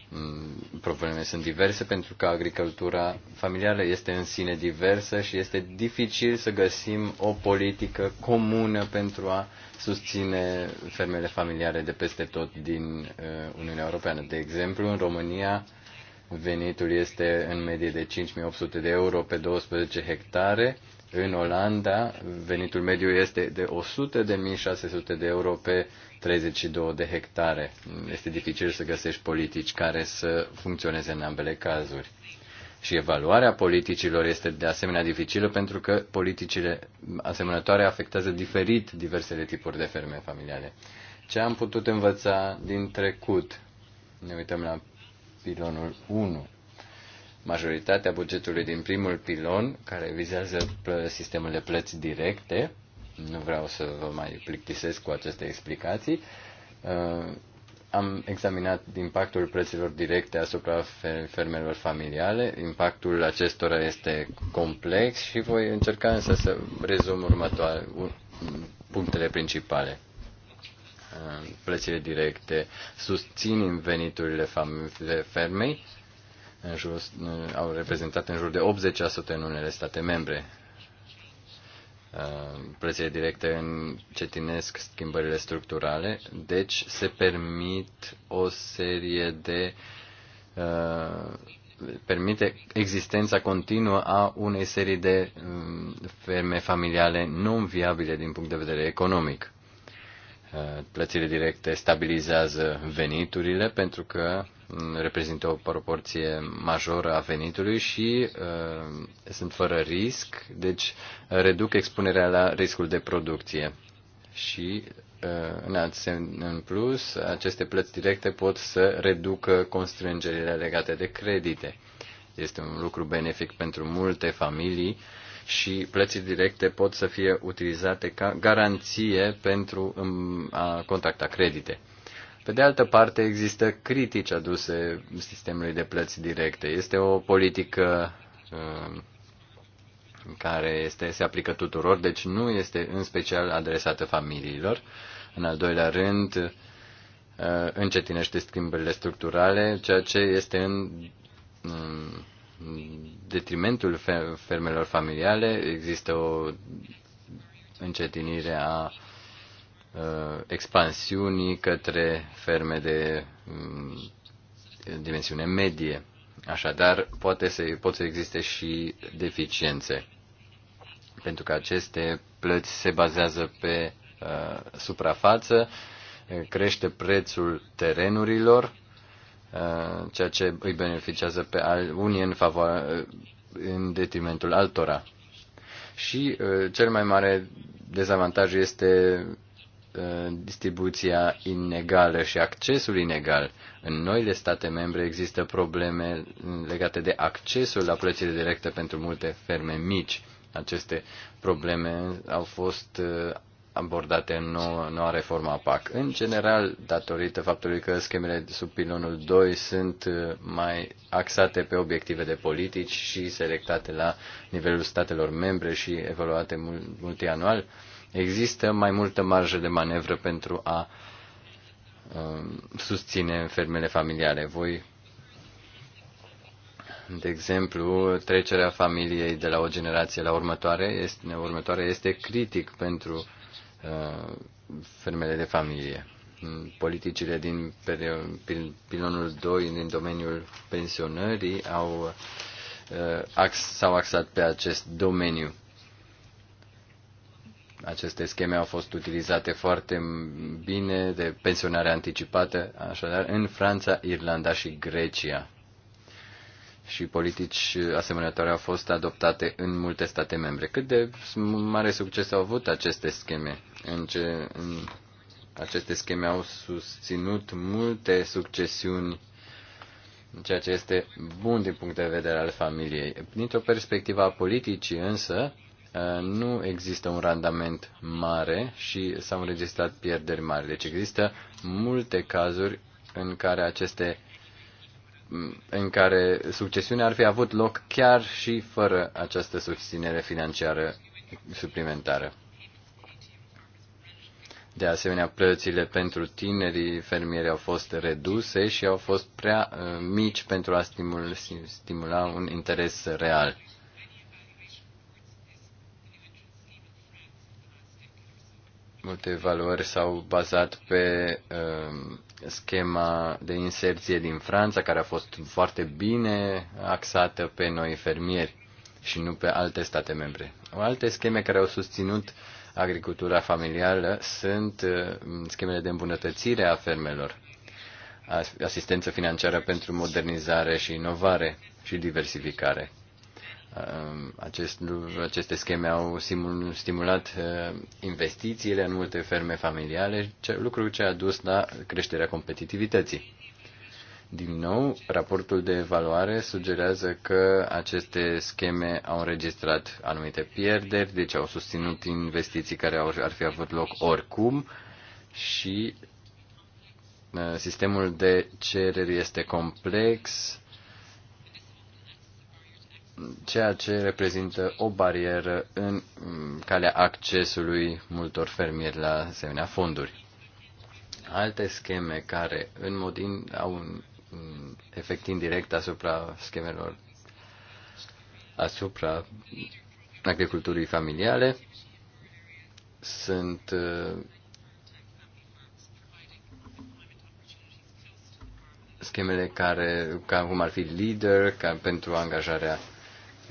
Mm, problemele sunt diverse pentru că agricultura familială este în sine diversă și este dificil să găsim o politică comună pentru a susține fermele familiale de peste tot din uh, Uniunea Europeană. De exemplu, în România venitul este în medie de 5800 de euro pe 12 hectare, în Olanda, venitul mediu este de 100 de de euro pe 32 de hectare. Este dificil să găsești politici care să funcționeze în ambele cazuri. Și evaluarea politicilor este de asemenea dificilă pentru că politicile asemănătoare afectează diferit diversele tipuri de ferme familiale. Ce am putut învăța din trecut? Ne uităm la pilonul 1 majoritatea bugetului din primul pilon, care vizează sistemul de plăți directe, nu vreau să vă mai plictisesc cu aceste explicații, uh, am examinat impactul preților directe asupra fermelor familiale. Impactul acestora este complex și voi încerca însă să rezum următoare, punctele principale. Uh, plățile directe susțin veniturile fermei, în jur, au reprezentat în jur de 80% în unele state membre. Uh, plățile directe încetinesc schimbările structurale, deci se permit o serie de uh, permite existența continuă a unei serii de um, ferme familiale non-viabile din punct de vedere economic. Uh, plățile directe stabilizează veniturile pentru că reprezintă o proporție majoră a venitului și uh, sunt fără risc, deci reduc expunerea la riscul de producție. Și uh, în, alt semn, în plus, aceste plăți directe pot să reducă constrângerile legate de credite. Este un lucru benefic pentru multe familii și plății directe pot să fie utilizate ca garanție pentru um, a contacta credite. Pe de altă parte, există critici aduse sistemului de plăți directe. Este o politică um, care este, se aplică tuturor, deci nu este în special adresată familiilor. În al doilea rând, uh, încetinește schimbările structurale, ceea ce este în um, detrimentul fermelor familiale. Există o încetinire a Uh, expansiunii către ferme de mm, dimensiune medie. Așadar, poate să, pot să existe și deficiențe, pentru că aceste plăți se bazează pe uh, suprafață, uh, crește prețul terenurilor, uh, ceea ce îi beneficiază pe al, unii în, favo- uh, în detrimentul altora. Și uh, cel mai mare dezavantaj este Uh, distribuția inegală și accesul inegal. În noile state membre există probleme legate de accesul la plățile directe pentru multe ferme mici. Aceste probleme au fost uh, abordate în noua, noua reformă a PAC. În general, datorită faptului că schemele sub pilonul 2 sunt uh, mai axate pe obiective de politici și selectate la nivelul statelor membre și evaluate multianual, există mai multă marjă de manevră pentru a um, susține fermele familiale. Voi, de exemplu, trecerea familiei de la o generație la următoare este, următoare este critic pentru uh, fermele de familie. Politicile din pilonul 2 din domeniul pensionării au, uh, ax, s-au axat pe acest domeniu aceste scheme au fost utilizate foarte bine de pensionare anticipată, așadar, în Franța, Irlanda și Grecia. Și politici asemănătoare au fost adoptate în multe state membre. Cât de mare succes au avut aceste scheme? În ce, în, aceste scheme au susținut multe succesiuni ceea ce este bun din punct de vedere al familiei. Dintr-o perspectivă a politicii însă, Uh, nu există un randament mare și s-au înregistrat pierderi mari. Deci există multe cazuri în care aceste în care succesiunea ar fi avut loc chiar și fără această susținere financiară suplimentară. De asemenea, plățile pentru tinerii fermieri au fost reduse și au fost prea uh, mici pentru a stimula, stimula un interes real. multe evaluări s-au bazat pe uh, schema de inserție din Franța, care a fost foarte bine axată pe noi fermieri și nu pe alte state membre. Alte scheme care au susținut agricultura familială sunt uh, schemele de îmbunătățire a fermelor, asistență financiară pentru modernizare și inovare și diversificare. Acest, aceste scheme au stimulat uh, investițiile în multe ferme familiale, lucru ce a dus la creșterea competitivității. Din nou, raportul de evaluare sugerează că aceste scheme au înregistrat anumite pierderi, deci au susținut investiții care ar fi avut loc oricum și uh, sistemul de cereri este complex, ceea ce reprezintă o barieră în calea accesului multor fermieri la asemenea fonduri. Alte scheme care, în mod in, au un efect indirect asupra schemelor, asupra agriculturii familiale, sunt uh, schemele care, ca cum ar fi LEADER, ca pentru angajarea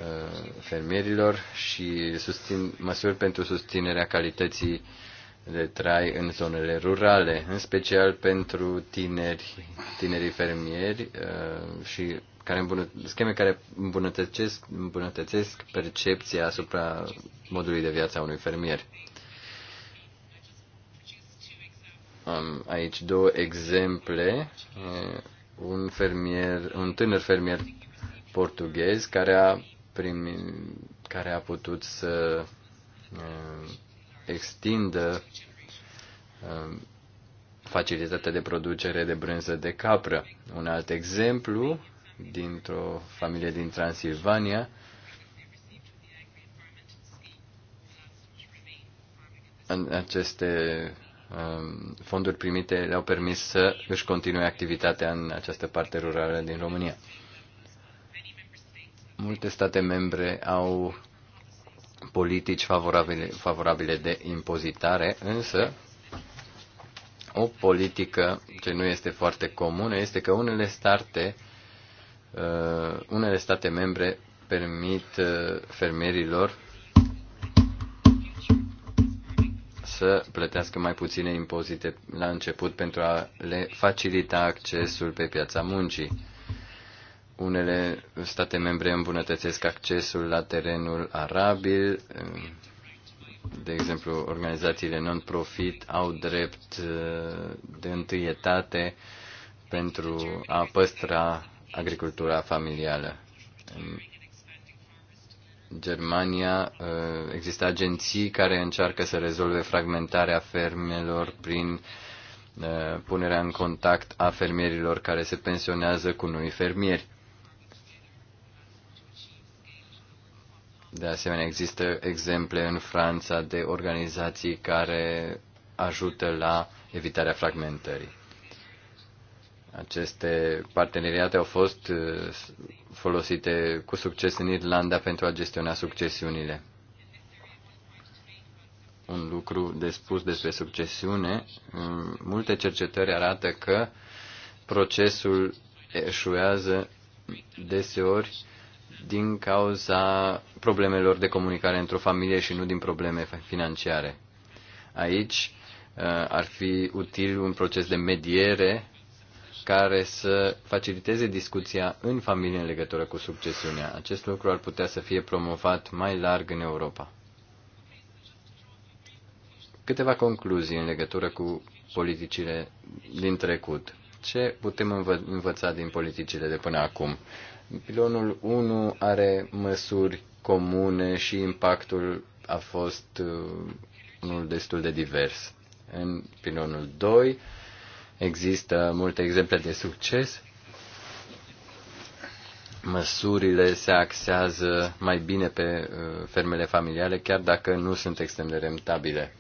Uh, fermierilor și susțin, măsuri pentru susținerea calității de trai în zonele rurale, în special pentru tineri, tinerii fermieri uh, și care îmbunăt- scheme care îmbunătățesc, îmbunătățesc percepția asupra modului de viață a unui fermier. Am aici două exemple. Uh, un fermier, un tânăr fermier portughez care a primi, care a putut să eh, extindă eh, facilitatea de producere de brânză de capră. Un alt exemplu dintr-o familie din Transilvania aceste eh, fonduri primite le-au permis să își continue activitatea în această parte rurală din România. Multe state membre au politici favorabile, favorabile de impozitare, însă o politică ce nu este foarte comună este că unele state, uh, unele state membre permit uh, fermierilor să plătească mai puține impozite la început pentru a le facilita accesul pe piața muncii. Unele state membre îmbunătățesc accesul la terenul arabil. De exemplu, organizațiile non-profit au drept uh, de întâietate pentru a păstra agricultura familială. În Germania uh, există agenții care încearcă să rezolve fragmentarea fermelor prin uh, punerea în contact a fermierilor care se pensionează cu noi fermieri. De asemenea, există exemple în Franța de organizații care ajută la evitarea fragmentării. Aceste parteneriate au fost uh, folosite cu succes în Irlanda pentru a gestiona succesiunile. Un lucru de spus despre succesiune, um, multe cercetări arată că procesul eșuează deseori din cauza problemelor de comunicare într-o familie și nu din probleme financiare. Aici uh, ar fi util un proces de mediere care să faciliteze discuția în familie în legătură cu succesiunea. Acest lucru ar putea să fie promovat mai larg în Europa. Câteva concluzii în legătură cu politicile din trecut. Ce putem învă- învăța din politicile de până acum? Pilonul 1 are măsuri comune și impactul a fost uh, unul destul de divers. În pilonul 2 există multe exemple de succes. Măsurile se axează mai bine pe uh, fermele familiale, chiar dacă nu sunt extrem de rentabile.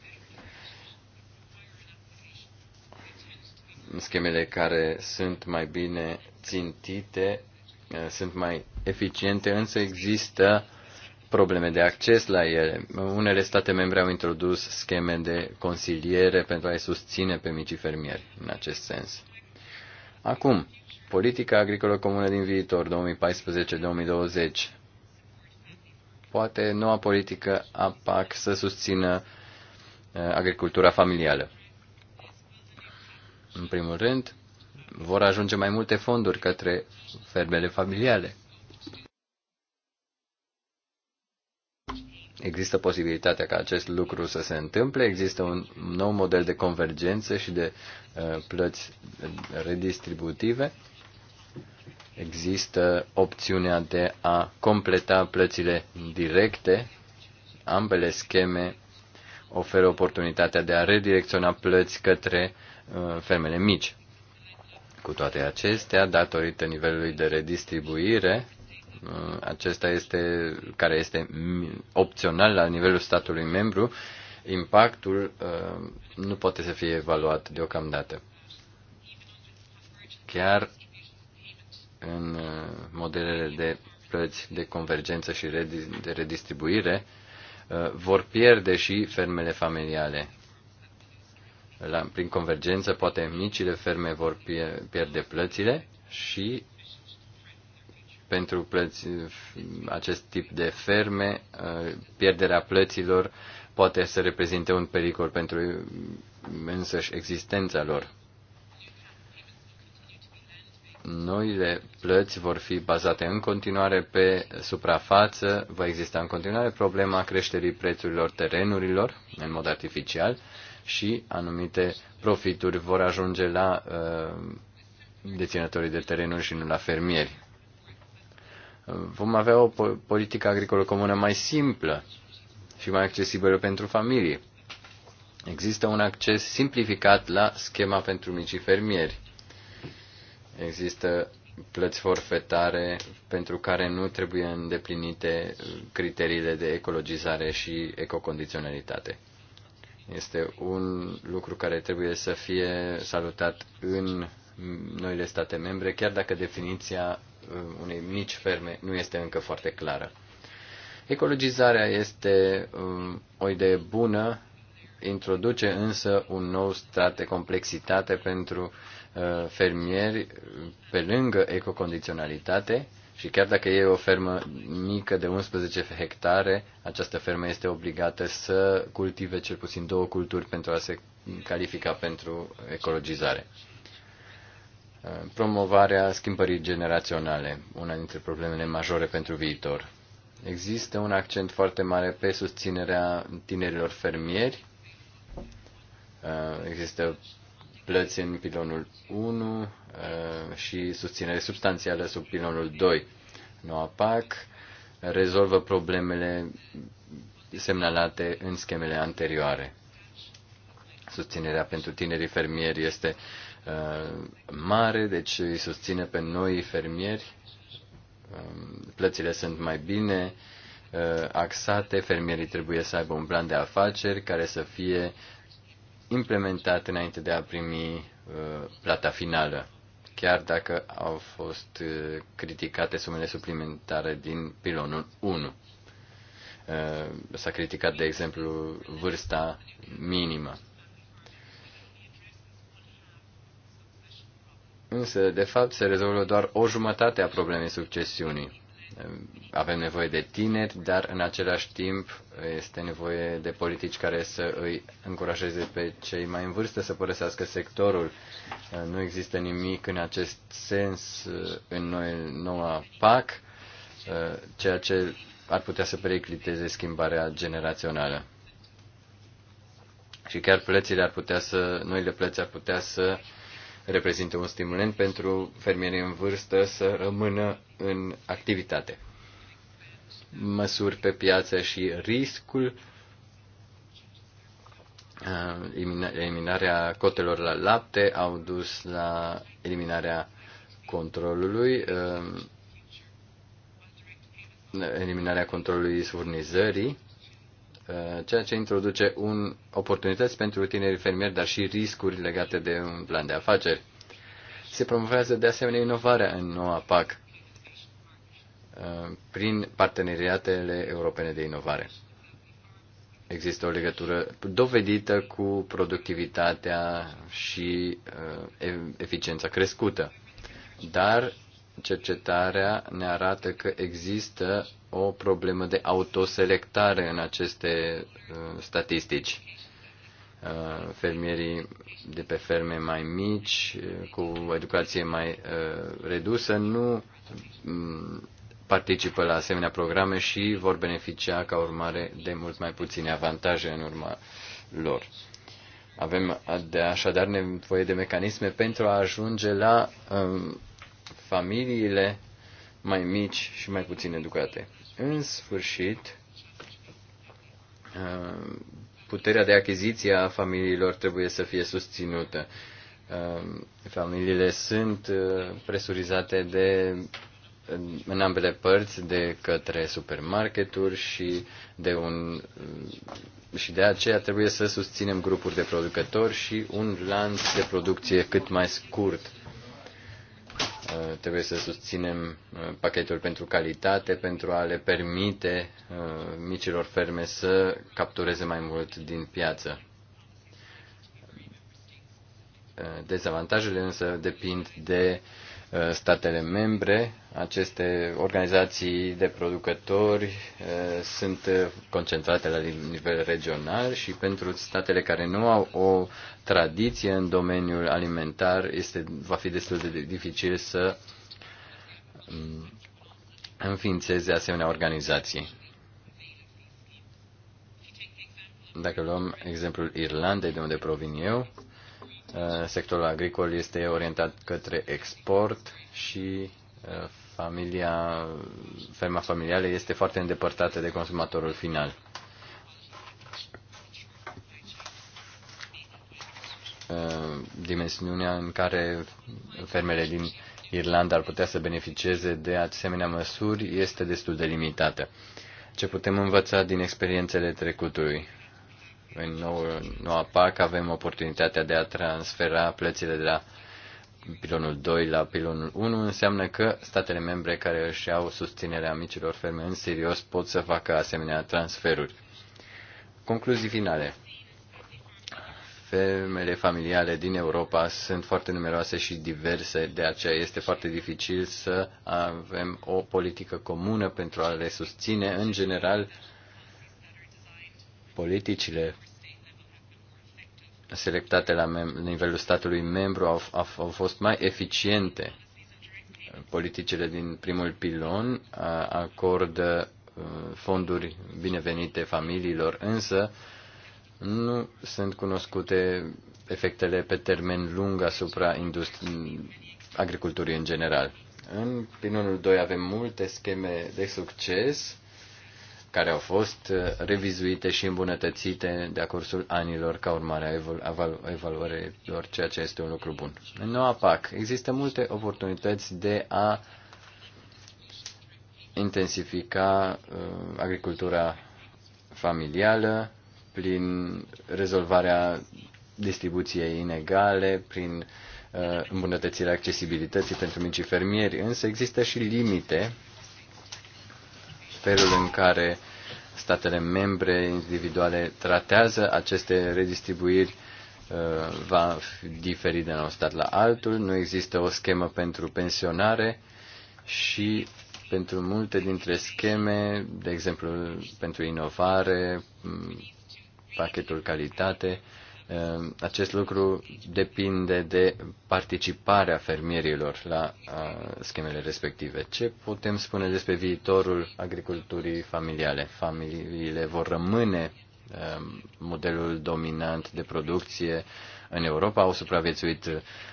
Schemele care sunt mai bine țintite Eh, sunt mai eficiente, însă există probleme de acces la ele. Unele state membre au introdus scheme de consiliere pentru a-i susține pe micii fermieri în acest sens. Acum, politica agricolă comună din viitor, 2014-2020. Poate noua politică a PAC să susțină eh, agricultura familială. În primul rând, vor ajunge mai multe fonduri către fermele familiale. Există posibilitatea ca acest lucru să se întâmple, există un nou model de convergență și de uh, plăți redistributive, există opțiunea de a completa plățile directe, ambele scheme oferă oportunitatea de a redirecționa plăți către uh, fermele mici. Cu toate acestea, datorită nivelului de redistribuire, uh, acesta este, care este opțional la nivelul statului membru, impactul uh, nu poate să fie evaluat deocamdată. Chiar în uh, modelele de plăți de convergență și de redistribuire, vor pierde și fermele familiale la, prin convergență, poate micile ferme vor pierde plățile și pentru plăți, acest tip de ferme, uh, pierderea plăților poate să reprezinte un pericol pentru însăși existența lor. Noile plăți vor fi bazate în continuare pe suprafață, va exista în continuare problema creșterii prețurilor terenurilor în mod artificial și anumite profituri vor ajunge la uh, deținătorii de terenuri și nu la fermieri. Vom avea o politică agricolă comună mai simplă și mai accesibilă pentru familii. Există un acces simplificat la schema pentru micii fermieri. Există plăți forfetare pentru care nu trebuie îndeplinite criteriile de ecologizare și ecocondiționalitate. Este un lucru care trebuie să fie salutat în noile state membre, chiar dacă definiția uh, unei mici ferme nu este încă foarte clară. Ecologizarea este um, o idee bună, introduce însă un nou strat de complexitate pentru uh, fermieri pe lângă ecocondiționalitate și chiar dacă e o fermă mică de 11 hectare, această fermă este obligată să cultive cel puțin două culturi pentru a se califica pentru ecologizare. Promovarea schimbării generaționale, una dintre problemele majore pentru viitor. Există un accent foarte mare pe susținerea tinerilor fermieri. Există plăți în pilonul 1, Uh, și susținere substanțială sub pilonul 2. Noua PAC rezolvă problemele semnalate în schemele anterioare. Susținerea pentru tinerii fermieri este uh, mare, deci îi susține pe noi fermieri. Um, plățile sunt mai bine uh, axate, fermierii trebuie să aibă un plan de afaceri care să fie implementat înainte de a primi plata finală chiar dacă au fost uh, criticate sumele suplimentare din pilonul 1. Uh, s-a criticat, de exemplu, vârsta minimă. Însă, de fapt, se rezolvă doar o jumătate a problemei succesiunii avem nevoie de tineri, dar în același timp este nevoie de politici care să îi încurajeze pe cei mai în vârstă să părăsească sectorul. Nu există nimic în acest sens uh, în noi, noua PAC, uh, ceea ce ar putea să pericliteze schimbarea generațională. Și chiar plățile ar putea să, noile plăți ar putea să reprezintă un stimulent pentru fermierii în vârstă să rămână în activitate. Măsuri pe piață și riscul, uh, eliminarea cotelor la lapte au dus la eliminarea controlului, uh, eliminarea controlului furnizării, uh, ceea ce introduce un oportunități pentru tinerii fermieri, dar și riscuri legate de un plan de afaceri. Se promovează de asemenea inovarea în noua PAC. Uh, prin parteneriatele europene de inovare. Există o legătură dovedită cu productivitatea și uh, eficiența crescută. Dar cercetarea ne arată că există o problemă de autoselectare în aceste uh, statistici. Fermierii de pe ferme mai mici, cu educație mai redusă, nu mm, participă la asemenea programe și vor beneficia ca urmare de mult mai puține avantaje în urma lor. Avem de așadar nevoie de mecanisme pentru a ajunge la um, familiile mai mici și mai puțin educate. În sfârșit, um, puterea de achiziție a familiilor trebuie să fie susținută. Um, familiile sunt uh, presurizate de în ambele părți de către supermarketuri și de un și de aceea trebuie să susținem grupuri de producători și un lanț de producție cât mai scurt. Uh, trebuie să susținem uh, pachetul pentru calitate pentru a le permite uh, micilor ferme să captureze mai mult din piață. Dezavantajele însă depind de uh, Uh, statele membre. Aceste organizații de producători uh, sunt uh, concentrate la nivel regional și pentru statele care nu au o tradiție în domeniul alimentar este, va fi destul de dificil să mm, înființeze asemenea organizații. Dacă luăm exemplul Irlandei, de unde provin eu, Uh, sectorul agricol este orientat către export și uh, familia, ferma familială este foarte îndepărtată de consumatorul final. Uh, dimensiunea în care fermele din Irlanda ar putea să beneficieze de asemenea măsuri este destul de limitată. Ce putem învăța din experiențele trecutului? în nou, noua PAC avem oportunitatea de a transfera plățile de la pilonul 2 la pilonul 1 înseamnă că statele membre care își au susținerea micilor ferme în serios pot să facă asemenea transferuri. Concluzii finale. Fermele familiale din Europa sunt foarte numeroase și diverse, de aceea este foarte dificil să avem o politică comună pentru a le susține. În general, politicile selectate la nivelul statului membru au, au, au fost mai eficiente. Politicile din primul pilon acordă fonduri binevenite familiilor, însă nu sunt cunoscute efectele pe termen lung asupra agriculturii în general. În pilonul 2 avem multe scheme de succes care au fost uh, revizuite și îmbunătățite de-a cursul anilor ca urmare a evaluărilor, ceea ce este un lucru bun. În noua PAC există multe oportunități de a intensifica uh, agricultura familială prin rezolvarea distribuției inegale, prin uh, îmbunătățirea accesibilității pentru micii fermieri, însă există și limite felul în care statele membre individuale tratează aceste redistribuiri uh, va diferi de la un stat la altul, nu există o schemă pentru pensionare și pentru multe dintre scheme, de exemplu pentru inovare, pachetul calitate, Ehm, acest lucru depinde de participarea fermierilor la schemele respective. Ce putem spune despre viitorul agriculturii familiale? Familiile vor rămâne ehm, modelul dominant de producție în Europa, au supraviețuit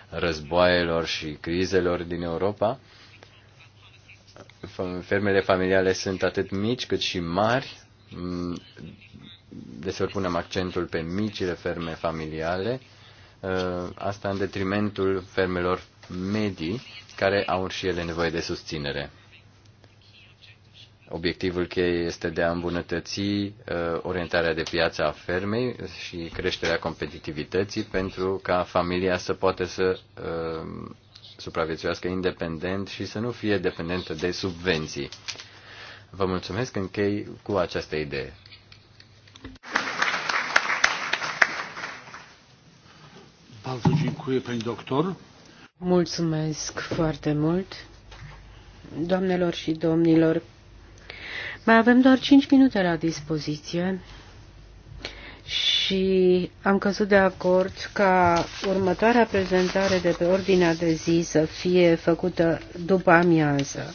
războaielor și crizelor din Europa. Fermele familiale sunt atât mici cât și mari deseori punem accentul pe micile ferme familiale, ă, asta în detrimentul fermelor medii, care au și ele nevoie de susținere. Obiectivul cheie este de a îmbunătăți ă, orientarea de piață a fermei și creșterea competitivității pentru ca familia să poată să ă, supraviețuiască independent și să nu fie dependentă de subvenții. Vă mulțumesc închei cu această idee. Mulțumesc foarte mult, doamnelor și domnilor. Mai avem doar 5 minute la dispoziție și am căzut de acord ca următoarea prezentare de pe ordinea de zi să fie făcută după amiază.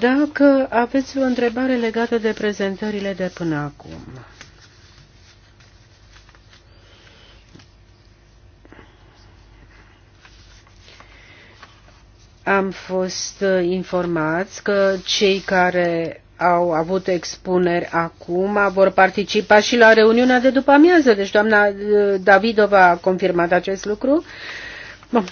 Dacă aveți o întrebare legată de prezentările de până acum. am fost uh, informați că cei care au avut expuneri acum vor participa și la reuniunea de după amiază. Deci doamna uh, Davidova a confirmat acest lucru. Bun.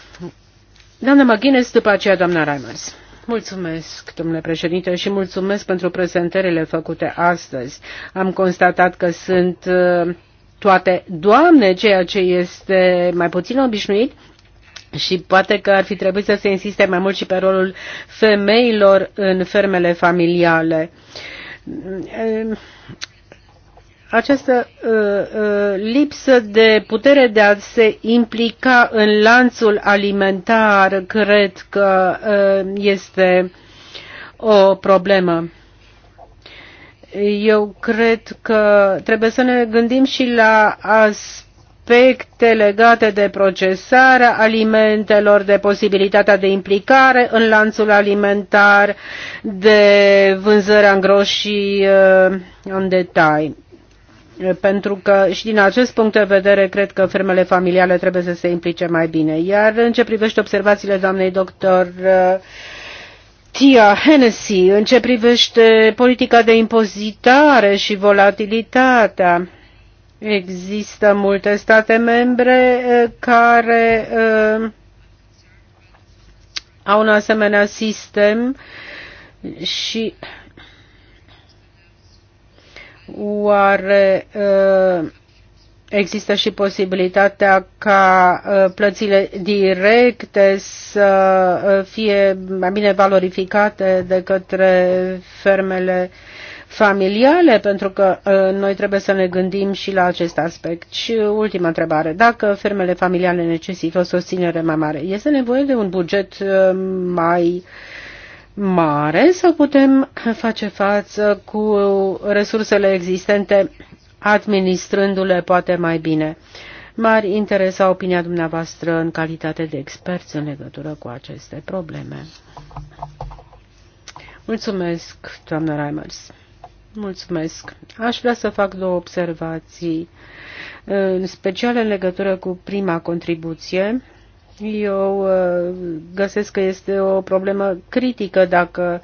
Doamna Maghines, după aceea doamna Reimers. Mulțumesc, domnule președinte, și mulțumesc pentru prezentările făcute astăzi. Am constatat că sunt uh, toate doamne, ceea ce este mai puțin obișnuit și poate că ar fi trebuit să se insiste mai mult și pe rolul femeilor în fermele familiale. Această uh, uh, lipsă de putere de a se implica în lanțul alimentar cred că uh, este o problemă. Eu cred că trebuie să ne gândim și la aspectul aspecte legate de procesarea alimentelor, de posibilitatea de implicare în lanțul alimentar, de vânzarea în groșii uh, în detai. Pentru că și din acest punct de vedere cred că fermele familiale trebuie să se implice mai bine. Iar în ce privește observațiile doamnei doctor uh, Tia Hennessy, în ce privește politica de impozitare și volatilitatea, Există multe state membre eh, care eh, au un asemenea sistem și oare eh, există și posibilitatea ca plățile directe să fie mai bine valorificate de către fermele uh, familiale, pentru că uh, noi trebuie să ne gândim și la acest aspect. Și ultima întrebare, dacă fermele familiale necesită o susținere mai mare, este nevoie de un buget uh, mai mare sau putem face față cu resursele existente administrându-le poate mai bine? M-ar interesa opinia dumneavoastră în calitate de experți în legătură cu aceste probleme. Mulțumesc, doamnă Reimers. Mulțumesc. Aș vrea să fac două observații, în special în legătură cu prima contribuție. Eu uh, găsesc că este o problemă critică dacă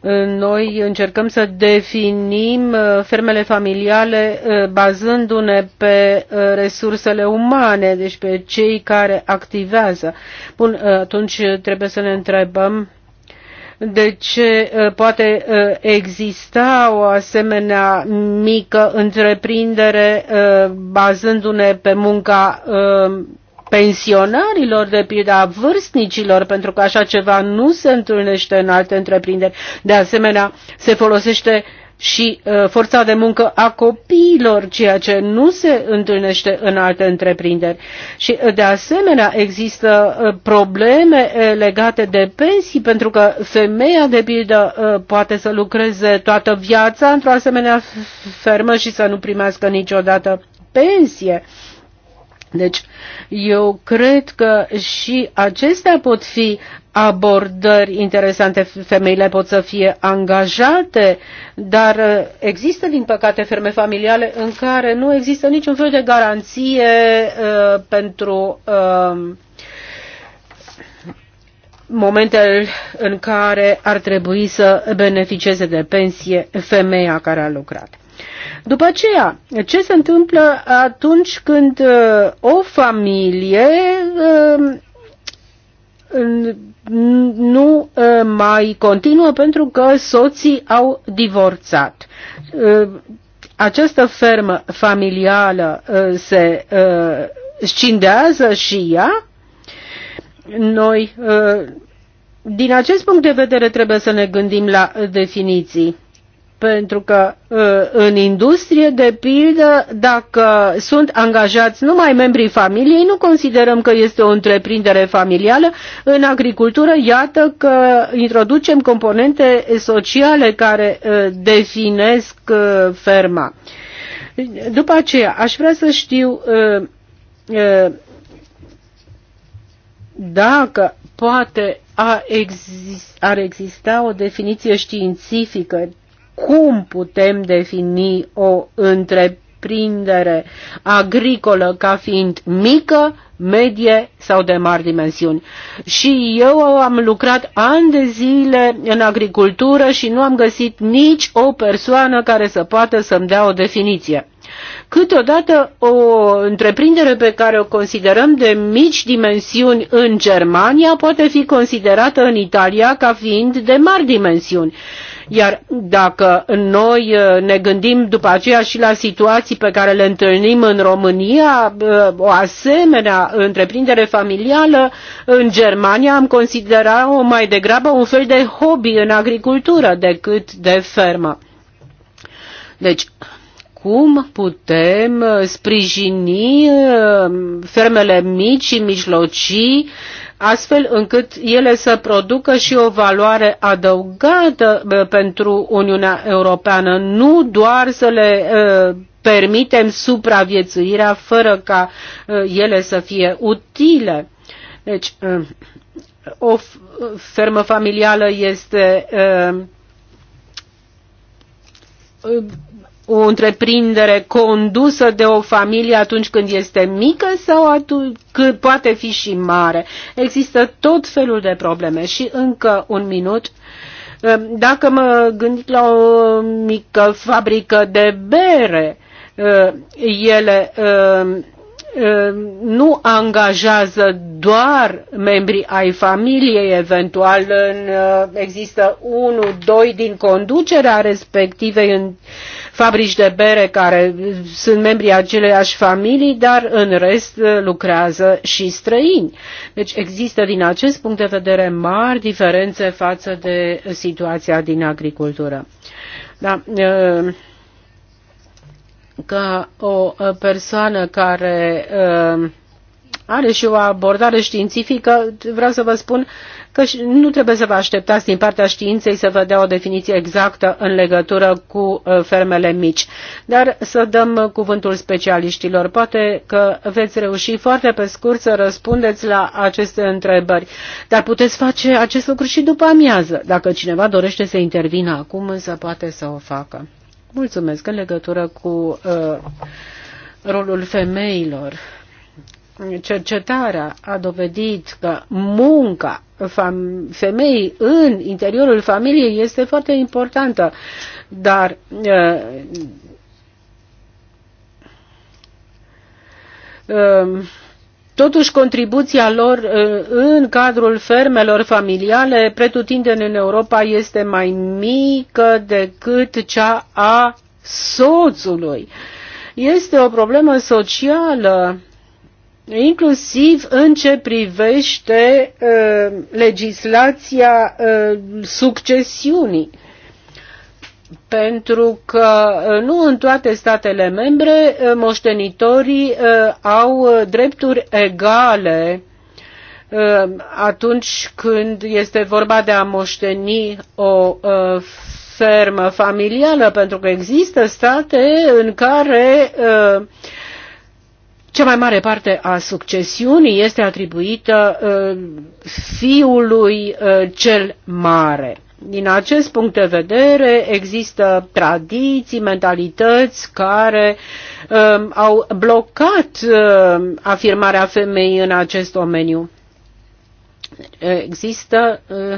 uh, noi încercăm să definim uh, fermele familiale bazându-ne pe resursele umane, deci pe cei care activează. Bun, atunci trebuie să ne întrebăm de ce ă, poate ă, exista o asemenea mică întreprindere ă, bazându-ne pe munca pensionarilor, de pildă a vârstnicilor, pentru că așa ceva nu se întâlnește în alte întreprinderi. De asemenea, se folosește și uh, forța de muncă a copiilor, ceea ce nu se întâlnește în alte întreprinderi. Și uh, de asemenea există uh, probleme legate de pensii, pentru că femeia de pildă poate să lucreze toată viața într-o asemenea fermă și să nu primească niciodată pensie. Deci, eu cred că și acestea pot fi abordări interesante. Femeile pot să fie angajate, dar uh, există, din păcate, ferme familiale în care nu există niciun fel de garanție uh, pentru uh, um, momentele în care ar trebui să beneficieze de pensie femeia care a lucrat. După aceea, ce se întâmplă atunci când uh, o familie um, nu ă, mai continuă pentru că soții au divorțat. Ă, această fermă familială ă, se scindează și ea. Noi, din acest punct de vedere, trebuie să ne gândim la definiții pentru că ă, în industrie, de pildă, dacă sunt angajați numai membrii familiei, nu considerăm că este o întreprindere familială. În agricultură, iată că introducem componente sociale care ă, definesc ă, ferma. După aceea, aș vrea să știu dacă poate a exist, ar exista o definiție științifică cum putem defini o întreprindere agricolă ca fiind mică, medie sau de mari dimensiuni. Și eu am lucrat ani de zile în agricultură și nu am găsit nici o persoană care să poată să-mi dea o definiție. Câteodată o întreprindere pe care o considerăm de mici dimensiuni în Germania poate fi considerată în Italia ca fiind de mari dimensiuni. Iar dacă noi uh, ne gândim după aceea și la situații pe care le întâlnim în România, uh, o asemenea întreprindere familială în Germania am considerat-o mai degrabă un fel de hobby în agricultură decât de fermă. Deci, cum putem uh, sprijini uh, fermele mici și mijlocii astfel încât ele să producă și o valoare adăugată uh, pentru Uniunea Europeană, nu doar să le permitem supraviețuirea fără ca ele să fie utile. Deci, o fermă familială este o întreprindere condusă de o familie atunci când este mică sau atunci când poate fi și mare. Există tot felul de probleme. Și încă un minut. Dacă mă gândesc la o mică fabrică de bere, ele Uh, nu angajează doar membrii ai familiei, eventual în, uh, există unul, doi din conducerea respectivei în fabrici de bere care sunt membrii aceleiași familii, dar în rest uh, lucrează și străini. Deci există din acest punct de vedere mari diferențe față de situația din agricultură. Da, ca o persoană care are și o abordare științifică, vreau să vă spun că nu trebuie să vă așteptați din partea științei să vă dea o definiție exactă în legătură cu fermele mici, dar să dăm cuvântul specialiștilor. Poate că veți reuși foarte pe scurt să răspundeți la aceste întrebări, dar puteți face acest lucru și după amiază. Dacă cineva dorește să intervină acum, însă poate să o facă. Mulțumesc în legătură cu uh, rolul femeilor. Cercetarea a dovedit că munca femeii în interiorul familiei este foarte importantă, dar uh, uh, Totuși, contribuția lor uh, în cadrul fermelor familiale pretutindeni în Europa este mai mică decât cea a soțului. Este o problemă socială, inclusiv în ce privește uh, legislația uh, succesiunii. Uh, pentru că uh, nu în toate statele membre uh, moștenitorii uh, au drepturi egale atunci când este vorba de a moșteni o fermă familială, pentru că există state în care cea mai mare parte a succesiunii este atribuită fiului cel mare din acest punct de vedere, există tradiții, mentalități care uh, au blocat uh, afirmarea femeii în acest domeniu. Există. Uh,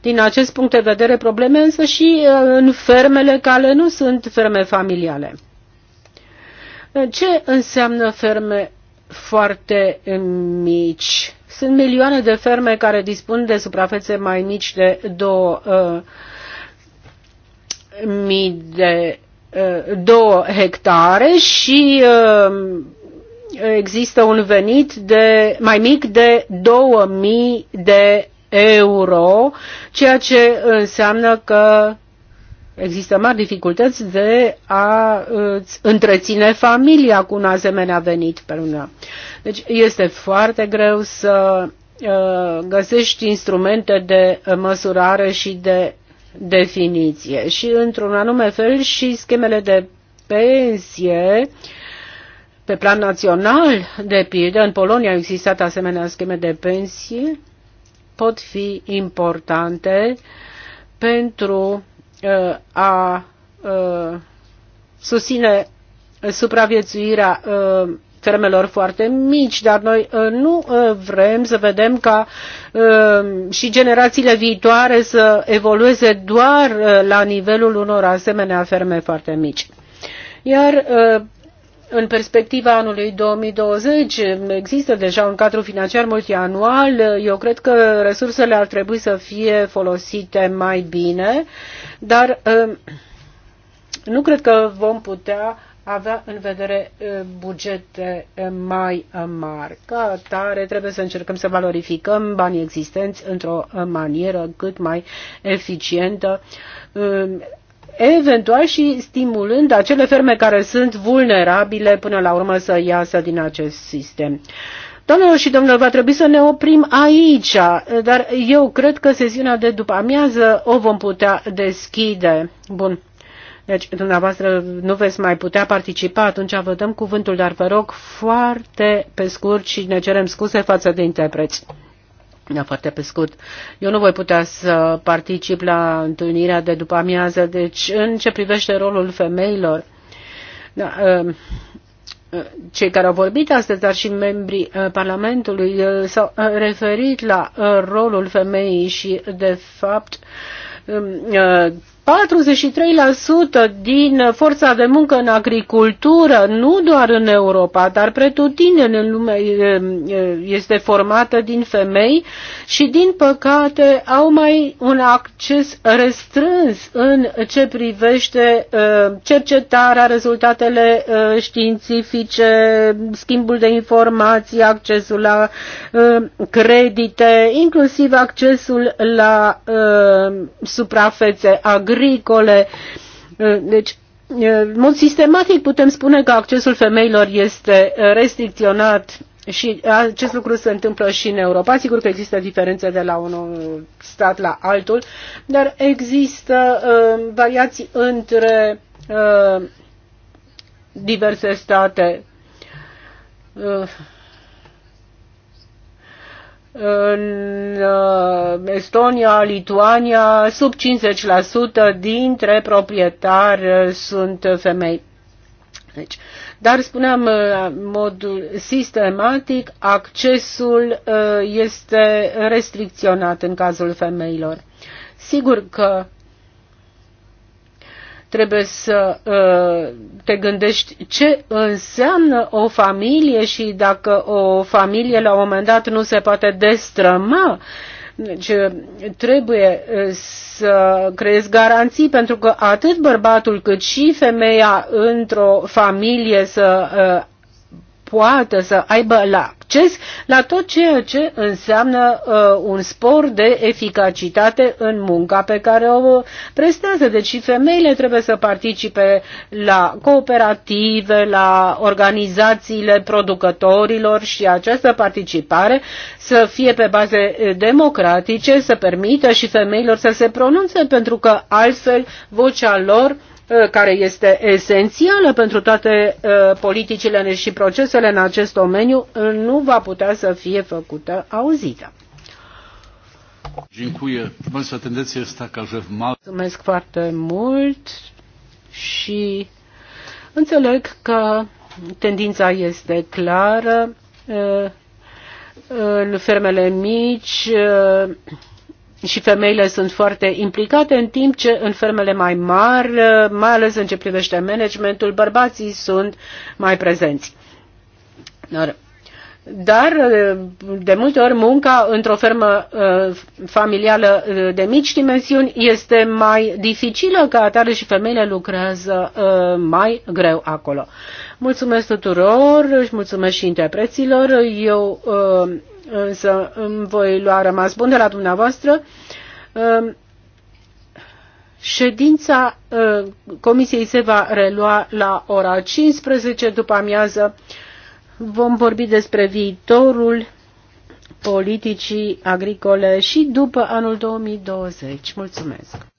din acest punct de vedere probleme, însă și uh, în fermele care nu sunt ferme familiale. Ce înseamnă ferme foarte mici? Sunt milioane de ferme care dispun de suprafețe mai mici de 2 uh, de uh, 2 hectare și uh, există un venit de mai mic de 2000 de euro, ceea ce înseamnă că Există mari dificultăți de a întreține familia cu un asemenea venit pe lună. Deci este foarte greu să ă, găsești instrumente de măsurare și de definiție. Și într-un anume fel și schemele de pensie pe plan național, de pildă, în Polonia au existat asemenea scheme de pensie, pot fi importante pentru a susține supraviețuirea fermelor foarte mici, dar noi nu vrem să vedem ca și generațiile viitoare să evolueze doar la nivelul unor asemenea ferme foarte mici. Iar în perspectiva anului 2020 există deja un cadru financiar multianual. Eu cred că resursele ar trebui să fie folosite mai bine, dar um, nu cred că vom putea avea în vedere uh, bugete uh, mai mari. Ca tare trebuie să încercăm să valorificăm banii existenți într-o uh, manieră cât mai eficientă um, eventual și stimulând acele ferme care sunt vulnerabile până la urmă să iasă din acest sistem. Doamnelor și domnilor, va trebui să ne oprim aici, dar eu cred că sesiunea de după amiază o vom putea deschide. Bun. Deci, dumneavoastră nu veți mai putea participa, atunci vă dăm cuvântul, dar vă rog foarte pe scurt și ne cerem scuze față de interpreți. Da, foarte pe scurt. Eu nu voi putea să particip la întâlnirea de după amiază, deci în ce privește rolul femeilor, da, uh, uh, cei care au vorbit astăzi, dar și membrii uh, Parlamentului s-au referit la rolul femeii și, de fapt, um, 43% din forța de muncă în agricultură, nu doar în Europa, dar pretutindeni în lume este formată din femei și, din păcate, au mai un acces restrâns în ce privește cercetarea, rezultatele științifice, schimbul de informații, accesul la credite, inclusiv accesul la suprafețe agricole agricole. Uh, deci, uh, în mod sistematic putem spune că accesul femeilor este uh, restricționat și acest lucru se întâmplă și în Europa. Sigur că există diferențe de la un stat la altul, dar există uh, variații între uh, diverse state. Uh, în uh, Estonia, Lituania, sub 50% dintre proprietari uh, sunt femei. Deci, dar spuneam, în uh, modul sistematic, accesul este restricționat în cazul femeilor. Sigur că Trebuie să ă, te gândești ce înseamnă o familie și dacă o familie la un moment dat nu se poate destrăma, deci ă, trebuie ă, să creezi garanții pentru că atât bărbatul cât și femeia într-o familie să poată să aibă la acces la tot ceea ce înseamnă uh, un spor de eficacitate în munca pe care o prestează. Deci și femeile trebuie să participe la cooperative, la organizațiile producătorilor și această participare să fie pe baze democratice, să permită și femeilor să se pronunțe, pentru că altfel vocea lor Uh, care este esențială pentru toate uh, politicile și procesele în acest domeniu, uh, nu va putea să fie făcută auzită. Mulțumesc foarte mult și înțeleg că tendința este clară. fermele mici și femeile sunt foarte implicate, în timp ce în fermele mai mari, mai ales în ce privește managementul, bărbații sunt mai prezenți. Dar, dar de multe ori munca într-o fermă ă, familială ă, de mici dimensiuni este mai dificilă ca atare și femeile lucrează ă, mai greu acolo. Mulțumesc tuturor și mulțumesc și interpreților. Eu însă îmi voi lua rămas bun de la dumneavoastră. Ehm, ședința ehm, comisiei se va relua la ora 15 după amiază. Vom vorbi despre viitorul politicii agricole și după anul 2020. Mulțumesc!